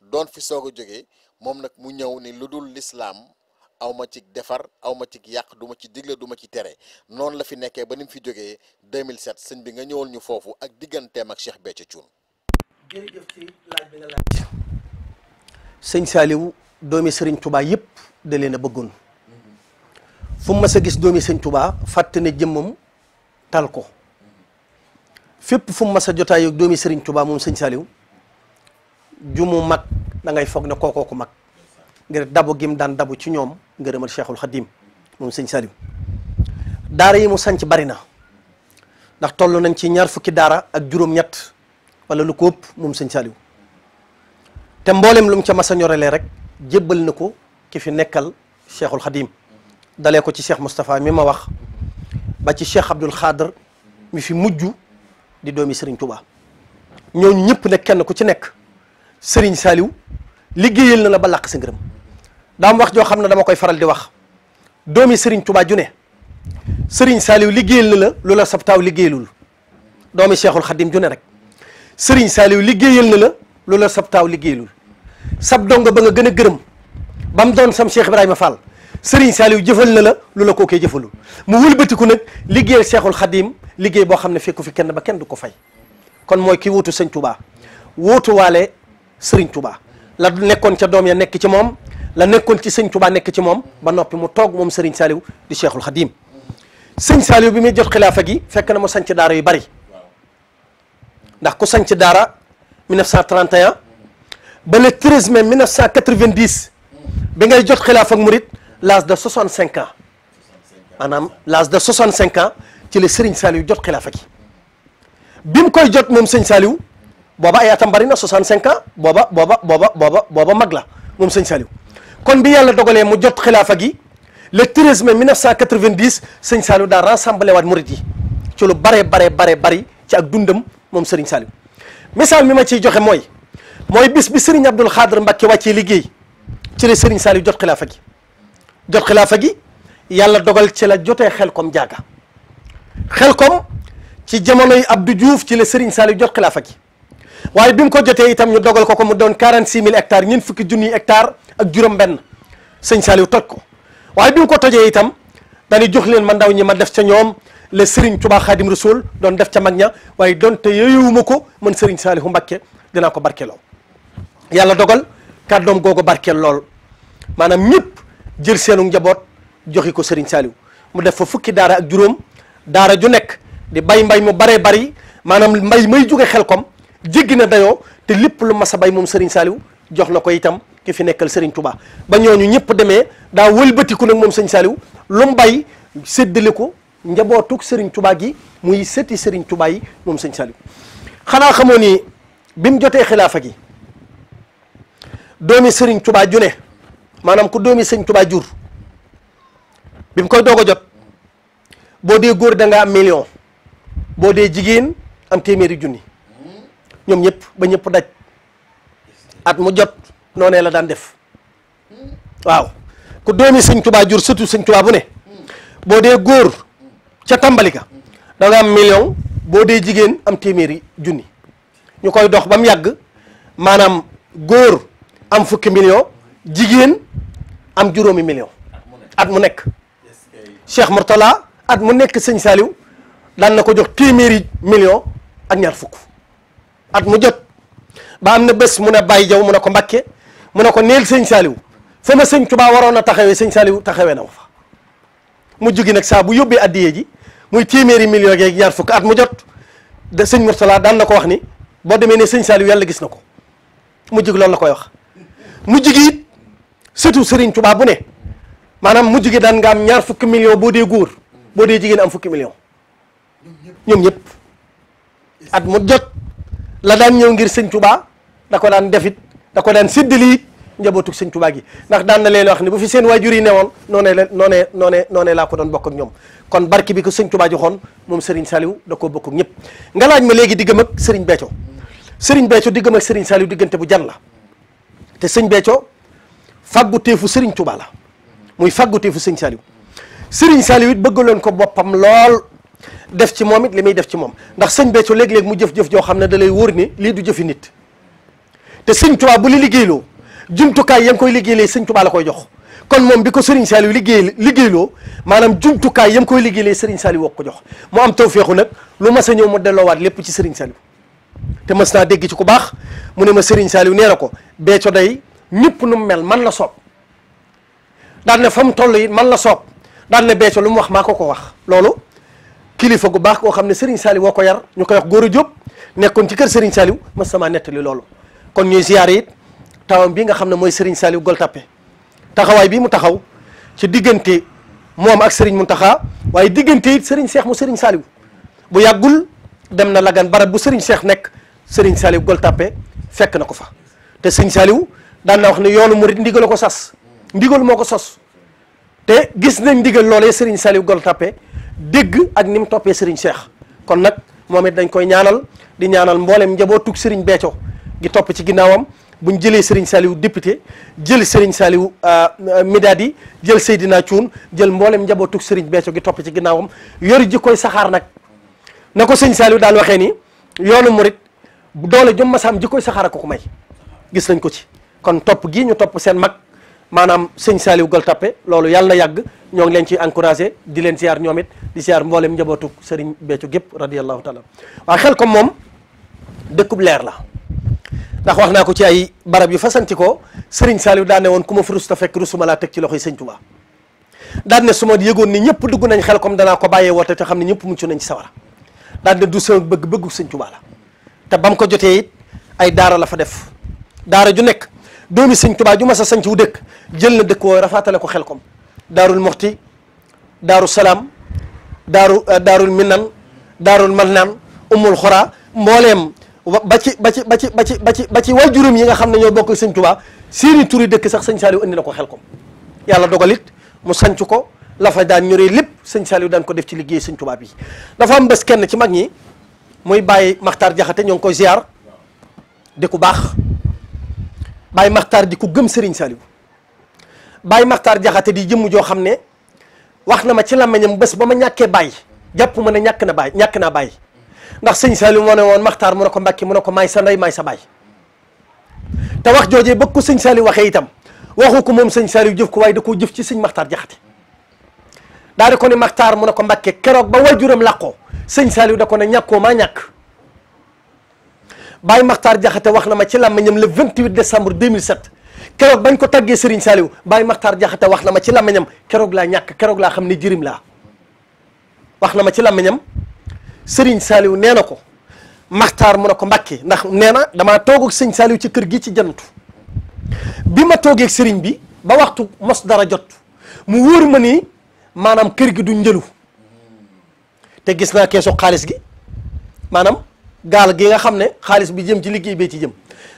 doon fi soog a jógee moom nag mu ñëw ni lu dul lislaam aw ma defar aw ma yàq duma ci digle duma ci tere noonu la fi nekkee ba ni mu fi jógee 2007 sëñ bi nga ñëwal ñu foofu ak digganteem ak Cheikh Béthio Thioune. jërëjëf sëñ Saaliwu doomi Serigne Touba yëpp da na a bëggoon fu mu mas gis doomi Sëñ Touba fàtte ne jëmmam tal ko. fépp fu mu mas a jotaay ak doomi Serigne tubaa moom sëñ Saliou jumu mag dangay ngay foog ne koo ko mag ngir dabu gim daan dabu ci ñoom ngërëmal Cheikhul Khadim moom sëñ Saliou daara yi mu sanc bari na ndax toll nañ ci ñaar fukki daara ak juróom-ñett wala lu ko ëpp moom sëñ Saliou te mboolem lum ca mas a ñorelee rek jébbal na ko ki fi nekkal Cheikhul Khadim dalee ko ci Cheikh Moustapha mi ma wax ba ci Cheikh Abdoul Khadr mi fi mujj. di doomi Serigne Touba ñooñu ñëpp nag kenn ku ci nekk Serigne Saliou liggéeyal na la ba làq sa ngërëm daam wax joo xam ne dama koy faral di wax doomi Serigne Touba ju ne Serigne Saliou liggéeyal na la lu la sabtaaw liggéeyalul doomi Cheikhul Khadim ju ne rek Serigne Saliou liggéeyal na la lu la sabtaaw liggéeyalul sab donga ba nga gën a gërëm ba doon sam Cheikh Ibrahima Fall. Serigne Saliou jëfal na la lu la kookee jëfalu mu wëlbatiku nag liggéeyal Seexul Xadim liggéey boo xam ne fekku fi kenn ba kenn du ko fay kon mooy ki wuutu sëñ Touba wuutu waale Serigne Touba la nekkoon ca doom ya nekk ci moom la nekkoon ci sëñ Touba nekk ci moom ba noppi mu toog moom Serigne Saliou di Seexul Xadim sëñ Saliou bi muy jot xilaafa gi fekk na mu sanc daara yu bari ndax ku sanc daara 1931 ba le 13 mai 1990 bi ngay jot xilaaf mu rit l'âge de 65 ans maanaam l'âge de 65 ans ci la Serigne Saliou jot xilaafa gi bi mu koy jot moom sëñ Saliou booba ay atambari bari na 65 ans booba booba booba booba booba mag la moom sëñ Saliou kon bi yàlla dogalee mu jot xilaafa gi le 13 mai 1990 sëñ Saliou daa rassemblé waat murit yi ci lu bare bare bare bari ci ak dundam moom Serigne Saliou misaal mi ma ciy joxe mooy mooy bis bi Serigne Abdoul Khadr Mbacké wàccee liggéey ci la Serigne Saliou jot xilaafa jot xilaafa gi yàlla dogal ci la jotee xel kom jaaga xel kom ci jamonoy Abdou Diouf ci la saali Saliou jot xilaafa gi waaye bi mu ko jotee itam ñu dogal ko ko mu doon quarante six mille hectares ñeent fukki junniy hectares ak juróom-benn sëñ Saliou toj ko waaye bi mu ko tojee itam dañuy jox leen ma ndaw ñi ma def ca ñoom le Serigne Touba Khadim Rasoul doon def ca mag ña waaye donte yeyewuma ko man Serigne Saliou Mbacké dinaa ko barkeeloo yàlla dogal kàddoom googu barkeel lool maanaam jël seenu njaboot joxe ko Serigne Saliou mu def fa fukki daara ak juróom daara ju nekk di bay mbay mu baree bari maanaam mbay may jóge xel kom jéggi na dayoo te lépp lu mas a bay moom Serigne Saliou jox na ko itam ki fi nekkal Serigne Touba ba ñu ñëpp demee daa wëlbatiku nag moom Serigne Saliou lu mu bay séddale ko njabootug Serigne Touba gi muy sëti Serigne Touba yi moom Serigne Saliou xanaa xamoo ni bi mu jotee xilaafa gi doomi Serigne tubaa ju ne maanaam ku doomi sëñ Tuubaa jur bi mu koy doog jot boo dee góor da nga am million boo dee jigéen am téeméeri junni ñoom ñëpp ba ñëpp daj at mu jot noonee la daan def waaw ku doomi sëñ Tuubaa jur surtout sëñ bu ne boo dee góor ca tàmbalika da am million boo dee jigéen am téeméeri junni ñu koy dox ba mu yàgg maanaam góor am fukki million jigéen am juróomi million at mu nekk Cheikh Mourtala at mu nekk sëñ Saliou daan na ko jox téeméeri million ak ñaar fukk at mu jot ba am na bés mu ne bàyyi Jaw mu ne ko Mbakke mu ne ko neel sëñ Saliou fa ma sëñ Tuubaa waroon a taxawee sëñ Saliou taxawee na ko fa mu jugi nag saa bu yóbbee addiyee ji muy téeméeri million geeg ñaar fukk at mu jot de sëñ Mourtala daan na ko wax ni boo demee ne sëñ Saliou yàlla gis na ko mu jig lool la koy wax mu jig it surtout Serigne Touba bu ne maanaam mu gi daan nga am ñaar fukki million boo dee góor boo dee jigéen am fukki million ñoom ñëpp at mu jot la daan ñëw ngir sëñ Touba da ko daan defit da ko daan séddali njabootug sëñ Touba gi ndax daan na leen wax ne bu fi seen waajur yi newoon noonee la noonee noonee noonee laa ko doon bokk ak ñoom kon barke bi ko sëñ Touba joxoon moom Serigne Saliou da koo bokk ñëpp nga laaj ma léegi diggam ak sëriñ Béthio sëriñ Béthio diggam ak Serigne Saliou diggante bu jan la te sëñ fàgguteefu sëriñ Tuubaa la muy fàgguteefu sëriñ Saliou sëriñ Saliou it bëggaloon ko boppam lool def ci moom it li muy def ci moom ndax sëñ Béthio léeg-léeg mu jëf-jëf joo xam ne dalay lay wóor ni lii du jëfi nit te sëñ Tuubaa bu li liggéeyloo jumtukaay ya ngi koy liggéeyloo sëñ Tuubaa koy jox kon moom bi ko sëriñ Saliou liggéey liggéeyloo maanaam jumtukaay ya ngi koy liggéeyloo sëriñ Saliou woo ko jox mu am tawféexu nag lu mas a ñëw mu delloowaat lépp ci sëriñ Saliou te mas naa dégg ci ko baax mu ne ma sëriñ Saliou nee na ko Béthio day ñëpp nu mu mel man la soob daan ne fa mu toll it man la soob daan ne beeco lu mu wax maa ko ko wax loolu kilifa gu baax koo xam ne sëriñ Saliou woo ko yar ñu koy wax Gora Diop nekkoon ci kër Serigne Saliou ma sama nettali loolu kon ñuy ziyaar it tawam bi nga xam ne mooy Serigne gol Goltapé taxawaay bii mu taxaw ci diggante moom ak sëriñ mu taxaa waaye diggante it sëriñ seex mu sëriñ Saliou bu yàggul dem na lagan barab bu Serigne Cheikh nekk Serigne Saliou Goltapé fekk na ko fa te Serigne daan na wax ne yoonu murit ndigal ko sas ndigal moo ko sos te gis nañ ndigal loolee Serigne Saliou Gueule Tapée dégg ak ni mu toppee Serigne Cheikh kon nag moom it dañ koy ñaanal di ñaanal mboolem njabootug Serigne Béthio gi topp ci ginnaawam buñ jëlee Serigne Saliou député jël Serigne Saliou euh, euh, Midadi jël Seydina jël mboolem njabootug Serigne Béthio gi topp ci ginnaawam yor ji saxaar nag na ko Serigne Saliou daan waxee ni yoonu murit doole jom masaam ji koy saxaar a ko ko may gis nañ ko ci. kon topp gi ñu topp seen mag maanaam sëñ Saliou Gueule Tapée loolu yàlla yàgg ñoo ngi leen ciy encouragé di leen siyaar ñoom it di siyaar mboolem njabootu sëriñ Béthio gépp radiyallahu taala waaw xel comme moom dëkkub leer la ndax wax naa ko ci ay barab yu fasanti ko sëriñ Saliou daan woon ku ma furus ta fekk rusuma laa teg ci loxo loxoy sëñ Touba daan ne su ma yëgoon ni ñëpp dugg nañ xel comme danaa ko bàyyee woote te xam ne ñëpp mucc nañ ci sa daan ne du sama bëgg bëggu sëñ Touba la te bam ko jotee it ay daara la fa def daara ju nekk doomi sëñ Tuubaa ju mas a sanc wu dëkk jël na dëkk woo rafaatale ko xel xelkom daarul moxti daaru salaam daaru euh, daarul minan daarul mannaan umul xora mbooleem ba ci ba ci ba ci ba ci ba ci ba ci yi nga xam ne ñoo bokk sëñ Tuubaa seeni turi dëkk sax sëñ Saaliw indi na ko xelkom yàlla dogalit mu sanc ko la fa daan ñoree lépp sëñ Saaliw daan ko def ci liggéey sëñ Tuubaa bi dafa am bés kenn ci mag ñi muy bàyyi Maxtaar Jaxate ñoo ngi koy ziar di baax Baye Makhtar di ku gëm Serigne Saliou Baye Makhtar jaxate di jëmm joo xam ne wax na ma ci làmmiñam bés ba ma ñàkkee Baye jàpp ma ne ñàkk na Baye ñàkk naa Baye ndax Serigne Saliou moo ne woon Makhtar mu na ko Mbàkke mu ne ko maay sa ndey maay sa Baye te ko Serigne Saliou waxee itam waxu ko moom Serigne Saliou jëf waaye da koo jëf ci Serigne Makhtar jaxate daal ko ne Makhtar mu ne ko Mbàkke keroog ba wajuram làqoo Serigne Saliou da ko ne ñàkkoo maa ñàkk Baye Makhtar Diakhaté wax na ma ci làmmiñam le 28 décembre 2007 keroog bañ ko taggee Serigne Saliou Baye Makhtar Diakhaté wax na ma ci làmmiñam keroog laa ñàkk keroog laa xam ne jirim laa wax na ma ci làmmiñam Serigne Saliou nee na ko Makhtar mu na ko mbakke ndax nee na damaa toog ak Serigne Saliou ci kër gi ci jantu bi ma toogee sëriñ bi ba waxtu mos dara jot mu wóor ma ni maanaam kër gi du njëlu te gis naa keesu xaalis gi maanaam. gaal gi nga xam ne xaalis bi jëm ci liggéey bee ci jëm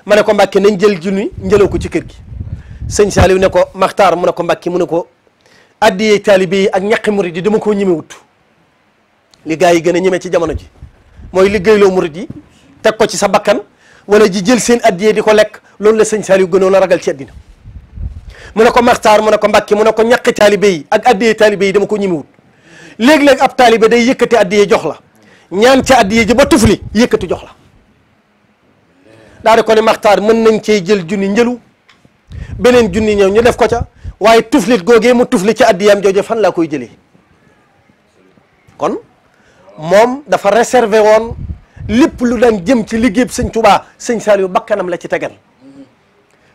ma ne ko Mbàkke nañ jël junni njëloo ko ci kër gi sëñ Saaliw ne ko Maxtaar mu ne ko Mbàkke mu ne ko addiyee yi ak ñaqi murid yi dama koo ñemewut li gaa yi gën a ñeme ci jamono ji mooy liggéeyloo murid yi teg ko ci sa bakkan wala ji jël seen addiyee di ko lekk loolu la sëñ Saaliw gënoon a ragal ci àddina mu ne ko Maxtaar mu ne ko Mbàkke mu ne ko ñaqi taalibe yi ak addiyee taalibe yi dama ko ñemewut léeg-léeg ab taalibe day yëkkati addiyee jox la ñaan ca addiye ji ba tufli yëkkati jox la daa di ko maxtaar mën nañ cee jël junni njëlu beneen junni ñëw ñu def ko ca waaye tuflit googee mu tufli ci addiyam jooje fan laa koy jëlee kon moom dafa reserve woon lépp lu daan jëm ci liggéey liggéeyub sëñ Tubaa sëñ Saliou bakkanam la ci tegal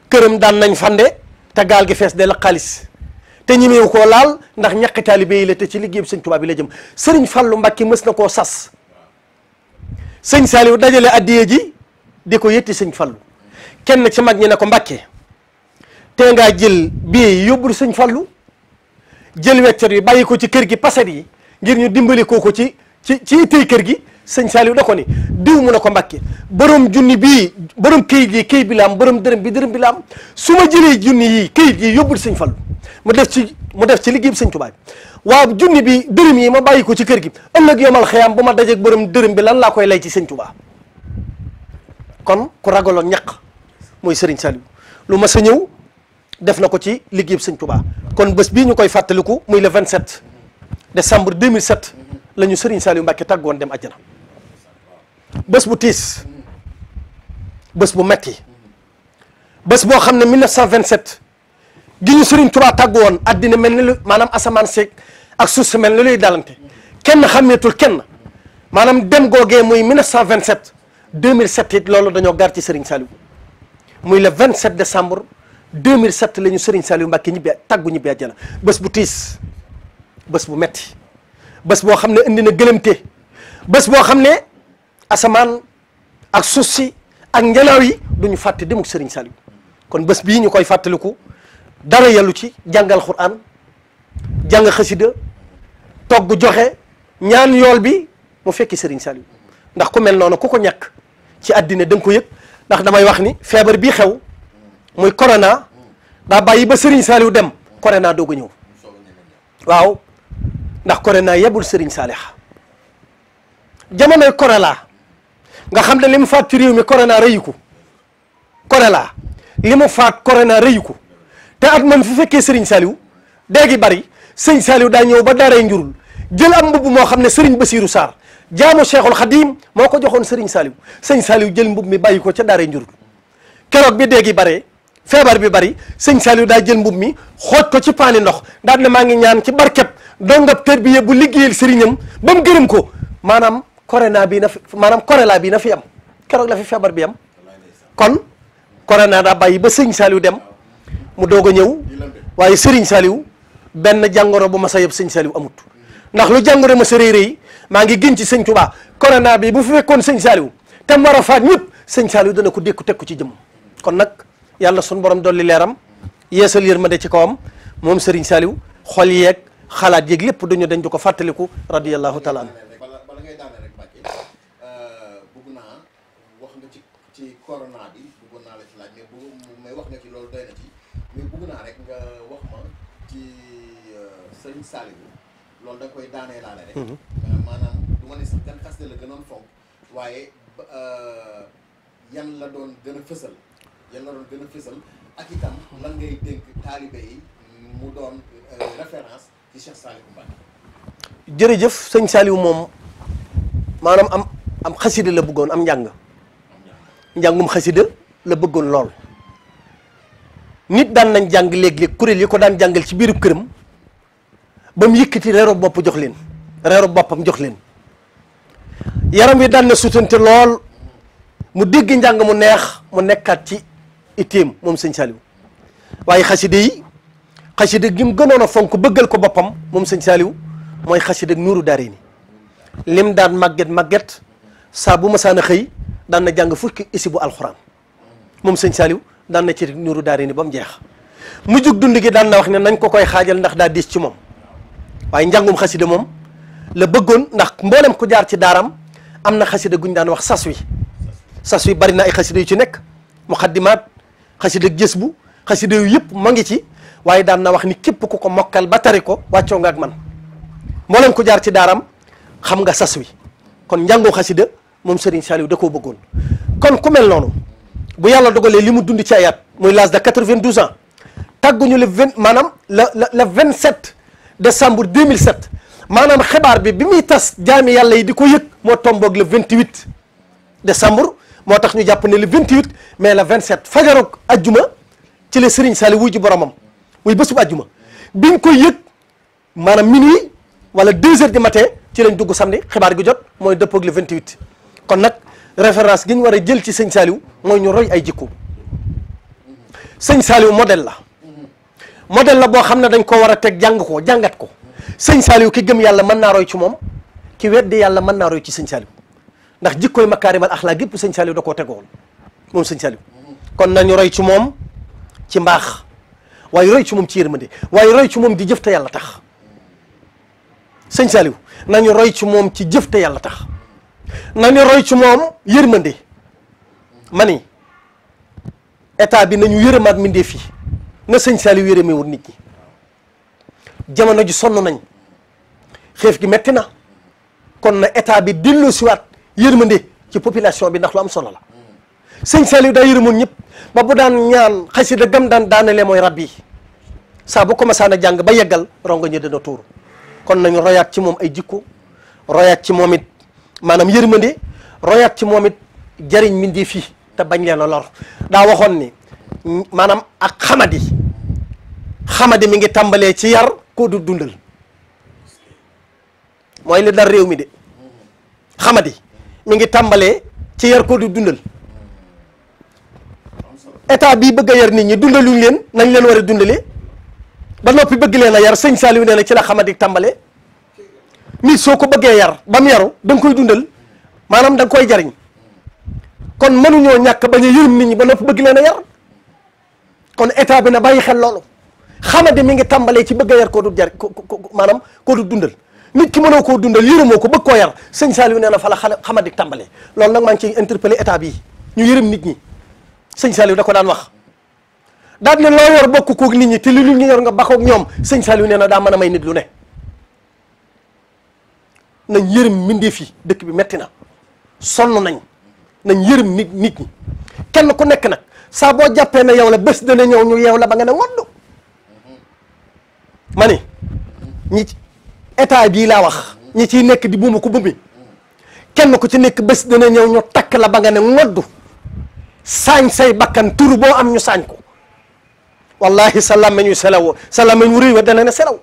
këram daan nañ fande te gaal gi fees de la xaalis te ñimeewu koo laal ndax ñaqi taalibe yi la te ci liggéeyub sëñ Tubaa bi la jëm sëriñ Fallou Mbacke mës na koo sas sëñ Saliou dajale addiye ji di ko yëtti sëñ fallu kenn ci mag ñi ne ko Mbàkke tee ngaa jël bi yi yóbbul sëñ Fallou jël weccet yi bàyyi ko ci kër gi paset yi ngir ñu dimbali koo ko ci ci ci kër gi sëñ Saliou da ko ni diw mu ne ko Mbàkke borom junni bii borom këyit yi këyit bi la am borom dërëm bi dërëm bi la am su ma jëlee junni yi këyit yi yóbbul sëñ Fallou mu def ci mu def ci liggéey bi sëñ Tuubaa bi waaw junni bi dërëm yi ma bàyyi ko ci kër gi ëllëg yomal xëyam bu ma dajeeg borom dërëm bi lan laa koy lay ci sëñ Tuubaa kon ku ragaloon ñaq mooy Serigne Saliou lu ma sa ñëw def na ko ci liggéey bi sëñ Tuubaa kon bés bii ñu koy fàttaliku muy le 27 décembre 2007 la ñu Serigne Saliou Mbacke tàggoon dem àjjana bés bu tiis bés bu metti bés boo xam ne 1927. gi ñu Serigne Touba tàggu woon addina mel ni lu maanaam asamaan seeg ak suuf si mel ni luy dalante kenn xàmmeetul kenn maanaam dem googee muy 1927 2007 it loolu dañoo gar ci Serigne Saliou muy le 27 décembre 2007 la ñu Serigne Saliou Mbacke ñibbi tàggu ñibbi àjjana bés bu tiis bës bu metti bés boo xam ne indi na gëlëmte bës boo xam ne asamaan ak suuf si ak njanaaw yi du ñu fàtte demuk Serigne Saliou kon bés bii ñu koy fàttaliku. dara yàllu ci jàngal Qur'an jàng xasida togg joxe ñaan yool bi mu fekki sëriñ Saliou ndax ku mel noonu ku ko ñàkk ci àddina da ko yëg ndax damay wax ni feebar bii xew muy corona daa bàyyi ba Serigne Saliou dem corona doog a ñëw waaw ndax corona yebul Serigne Saliou jamonoy corona nga xam ne li mu faat ci réew mi corona rëyu ko corona li mu faat corona rëyu ko te at man fi fekkee Serigne Saliou déegi bari sëñ Saliou daa ñëw ba daaray njurul jël am mbubb moo xam ne ba Bassirou Sarr jaamu Cheikhul Khadim moo ko joxoon Serigne Saliou sëñ saaliw jël mbubb mi bàyyi ko ca daaray njurul keroog bi déegi bare feebar bi bari Serigne Saliou daa jël mbubb mi xooj ko ci paani ndox daan na maa ngi ñaan ci barkeb dongab terbiye bu liggéeyal sëriñam ba mu gërëm ko maanaam corona bi na fi maanaam corona bi na fi am keroog la feebar bi am kon corona daa bàyyi ba Serigne Saliou dem mu doog a ñëw waaye Serigne Saliou benn jàngoro bu ma sa yëpp sëñ Saliou amut ndax lu jàngoro ma sa rëy rëy maa ngi gën ci sëñ Touba corona bi bu fu fekkoon sëñ Saliou te mu war faat ñëpp sëñ Saliou dana ko dékku teg ko ci jëm kon nag yàlla sunu borom dolli leeram yeesal yërmande ci kawam moom Serigne Saliou xool yeeg xalaat yeeg lépp dañu dañ di ko fàttaliku radiyallahu taala Mhm. Euh, euh, a fësal yan la doon gën a fësal ak euh, jërëjëf sëñ Saliou moom maanaam am am xasida la bëggoon am njàng njàngum xasida la bëggoon lool nit daan nañ jàng léegi léeg kuréel yi ko daan jàngal ci biiru këram ba mu yëkkati reeru bopp jox leen reeru boppam jox leen yaram wi daan na sutante lool mu dégg njàng mu neex mu nekkaat ci itteem moom sëñ Saliou waaye xaside yi xaside gi mu gënoon a fonk bëggal ko boppam moom sëñ Saliou mooy xaside nuuru daare ni lim daan màgget màgget saa bu ma a xëy daan na jàng fukki isi bu alxuraan moom sëñ Saliou daan na ci nuuru daare ni ba mu jeex mu jug dund gi daan na wax ne nañ ko koy xaajal ndax daa diis ci moom waaye njàngum xasida moom la bëggoon ndax mboolem ku jaar ci daaram am na xasida guñ daan wax sas wi sas wi bari na ay xasida yu ci nekk muqaddimaat xasida gës bu xasida yu yëpp ma ngi ci waaye daan na wax ni képp ku ko mokkal ba tari ko wàccoo nga ak man mboolem ku jaar ci daaram xam nga sas wi kon njàngum xasida moom Serigne Saliou da koo bëggoon kon ku mel noonu bu yàlla dogalee li mu dund ci ayaat muy l'âge de 92 ans tàgguñu le vingt maanaam la la vingt sept décembre 2007 maanaam xibaar bi bi muy tas jaami yàlla yi di ko yëg moo tomboog le 28 décembre moo tax ñu jàpp ne le 28 mais le 27 fagaroog ajjuma ci la Serigne Saliou wuy ji boromam muy bés bu ajjuma biñ koy yëg maanaam minuit wala 2 heures du matin ci lañ dugg samedi xibaar gi jot mooy dëppoog le 28 kon nag référence gi ñu war a jël ci sëñ Saliou mooy ñu roy ay jikko sëñ Saliou modèle la. modèle la boo xam ne dañ koo war a teg jàng ko jàngat ko sëñ Saliou ki gëm yàlla mën naa roy ci moom ki weddi yàlla mën naa roy ci sëñ Saliou ndax jikkooy makaarimal axlaaq gépp sëñ Saliou koo tegoon moom sëñ Saliou kon nañu roy ci moom ci mbaax waaye roy ci moom ci yërmande waaye roy ci moom di jëf te yàlla tax sëñ nañu roy ci moom ci jëf yàlla tax nañu roy ci moom yërmande ma ni état bi nañu yërëmaat mindee fii na sëñ Saliou yërëmee woon nit ñi jamono ji sonn nañ xeef gi metti na kon na état bi dellu siwaat yërmande ci population bi ndax lu am solo la sëñ Saliou daa yërëmoon ñëpp ba bu daan ñaan xasida gam daan daanalee mooy rab yi saa bu commencé na jàng ba yeggal rongo ñi dina tuuru kon nañu royaat ci moom ay jikko royaat ci moom it maanaam yërmande royaat ci moom it jariñ mindee fii te bañ leen a lor daa waxoon ni maanaam ak xamadi xamadi mi ngi tàmbalee ci yar koo du dundal mooy li dal réew mi de xamadi mi ngi tàmbalee ci yar koo dundal état bii bëgg a yar nit ñi dundaluñ leen nañ leen war a dundalee ba noppi bëgg leen a yar sëñ Saliou nee na ci la xamadi tàmbalee nit soo ko bëggee yar ba yaru da koy dundal maanaam da koy jariñ kon mënuñoo ñàkk bañ a yërëm nit ñi ba noppi bëgg leen a yar kon état bi na bàyyi xel loolu xamadi mi ngi tàmbalee ci bëgg a yar koo dul jar maanaam koo dul dundal nit ki mënoo koo dundal yërëmoo ko bëgg koo yar sëñ Saliou nee na fa la xamadi tàmbalee loolu nag maa ngi ciy interpellé état bii ñu yërëm nit ñi sëñ Saliou da ko daan wax daal ne loo yor bokk koog nit ñi te li lu ñu yor nga bakkoog ñoom sëñ Saliou nee na daa mën may nit lu ne nañ yërëm mbindeef fii dëkk bi metti na sonn nañ nañ yërëm nit nit ñi kenn ku nekk nag saa boo jàppee ne yow la bés dana ñëw ñu yeew la ba nga ne ngoddu ma ni ñi état bii laa wax ñi ciy nekk di buuma ko bumi kenn ku ci nekk bés dana ñëw ñu takk la ba nga ne ngoddu saañ say bakkan tur boo am ñu saañ ko wallahi sa làmmiñ wu selaw sa làmmiñ wu réy wa dana ne selaw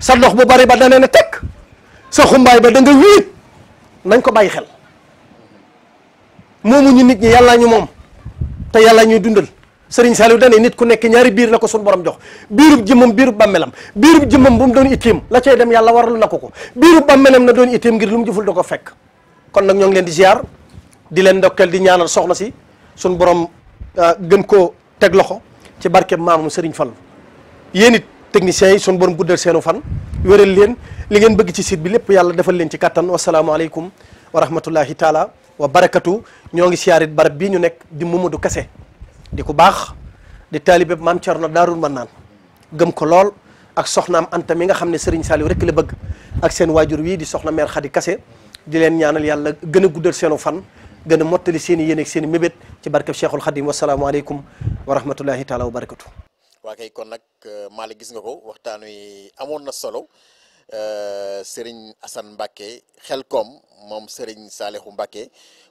sa dox bu bari ba dana ne tekk sa xumbaay ba da nga wiit nañ ko bàyyi xel moomu ñu nit ñi yàllaa ñu moom te yàlla ñuy dundal sëriñ Saliou dane nit ku nekk ñaari biir la ko suñu borom jox biirub jëmmam biirub bàmmelam biirub jëmmam bu mu doon ittiim la cay dem yàlla waralu na ko ko biirub bàmmelam na doon ittiim ngir lu mu jëful da ko fekk kon nag ñoo ngi leen di ziar di leen ndokkeel di ñaanal soxla si suñu borom euh, gën ko teg loxo ci barkeb maamam sëriñ fan yéen it techniciens yi suñu borom guddal seenu fan wéral leen li ngeen bëgg ci siit bi lépp yàlla defal leen ci kattan wasalaamualeykum wa rahmatullahi taala wa barakatu ñoo ngi siyaarit barab bii ñu nekk di Mamadou Kassé di ku baax di taalibe maam na Daarul ma Mannaan gëm ko lool ak soxnaam Anta mi nga xam ne Serigne Saliou rekk la bëgg ak seen waajur wii di soxna mère Khady kase di leen ñaanal yàlla gën a guddal seenu fan gën a mottali seen i yéene seen i mébét ci barkeb Cheikhul Khadim wasalaamualeykum wa rahmatullahi taala wa barakatu. waa kay kon nag euh, Malick gis nga ko waxtaan wi amoon na solo. Euh, Serigne assan Mbacké xel koom moom Serigne Saalihu Mbacké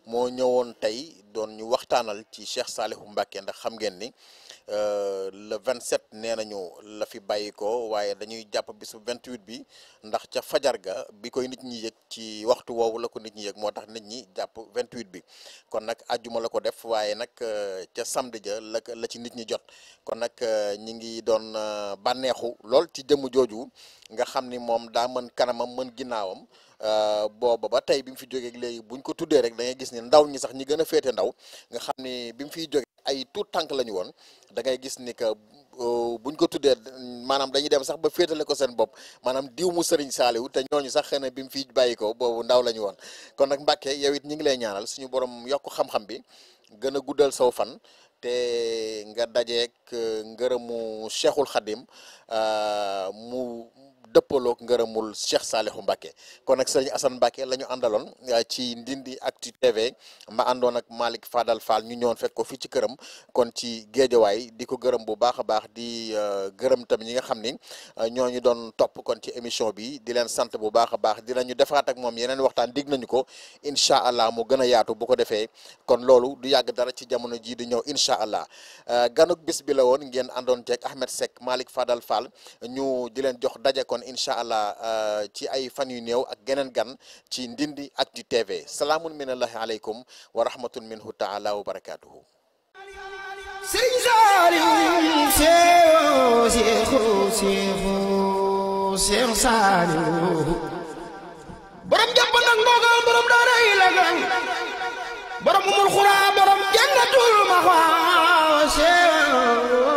moo ñëwoon tey doon ñu waxtaanal ci Cheikh Saalihu Mbacké ndax xam ngeen ni Euh, le 27 nee nañu la fi bàyyi waaye dañuy jàpp bisu 28 bi ndax ca fajar ga bi koy nit ñi yëg ci waxtu woowu la ko nit ñi yëg moo tax nit ñi jàpp 28 bi kon nag àjjuma la ko def waaye nag euh, ca samedi ja la ci nit ñi jot kon nag euh, ñi ngi doon bànneexu lool ci jëmm jooju nga xam ni moom daa mën kanamam mën ginnaawam. booba ba tey bi mu fi jógee léegi buñ ko tuddee rek da ngay gis ni ndaw ñi sax ñi gën a féete ndaw nga xam ni bi mu fiy jógee ay tuut tànk la ñu woon da ngay gis ni que euh, buñ ko tuddee maanaam dañuy dem sax ba féetale ko seen bopp maanaam diw mu sëriñ saaliwu te ñu sax xëy na bi mu fii bàyyi ko boobu ndaw la ñu woon kon nag Mbàkke yow it ñu ngi lay ñaanal suñu borom yokk xam-xam bi gën a guddal saw fan te nga dajeek euh, ngërëmu Cheikhul Xadim euh, mu dëppaloog ngërëmul Cheikh Salihu mbake kon nag sëriñ Assane Mbacke la ñu àndaloon ci Ndindy Actu TV ma àndoon ak Malick Fadal Fall ñu ñëwoon fekk ko fii ci këram kon ci géejawaay di ko gërëm bu baax a baax di euh, gërëm tam ñi nga xam ni euh, ñoo ñu doon topp kon ci émission bi di leen sant bu baax a baax dinañu defaat ak moom yeneen waxtaan dig nañu ko incha allah mu gën a yaatu bu ko defee kon loolu du yàgg dara ci jamono jii di ñëw incha allah euh, ganuk bis bi la woon ngeen àndoon ceeg Ahmed Seck Malick Fadal Fall ñu di leen jox daje kon incha allah euh, ci ay fan yu néew ak geneen gan ci Ndindy Actu TV salaamun minallahi aleykum wa rahmatun minhu taala wa barakatuhu sëñ Saliou seexu seexu seexu Saliou borom jàpp nag mboogal borom daara yi la gang borom umul xuraa borom jannatul maxwa seexu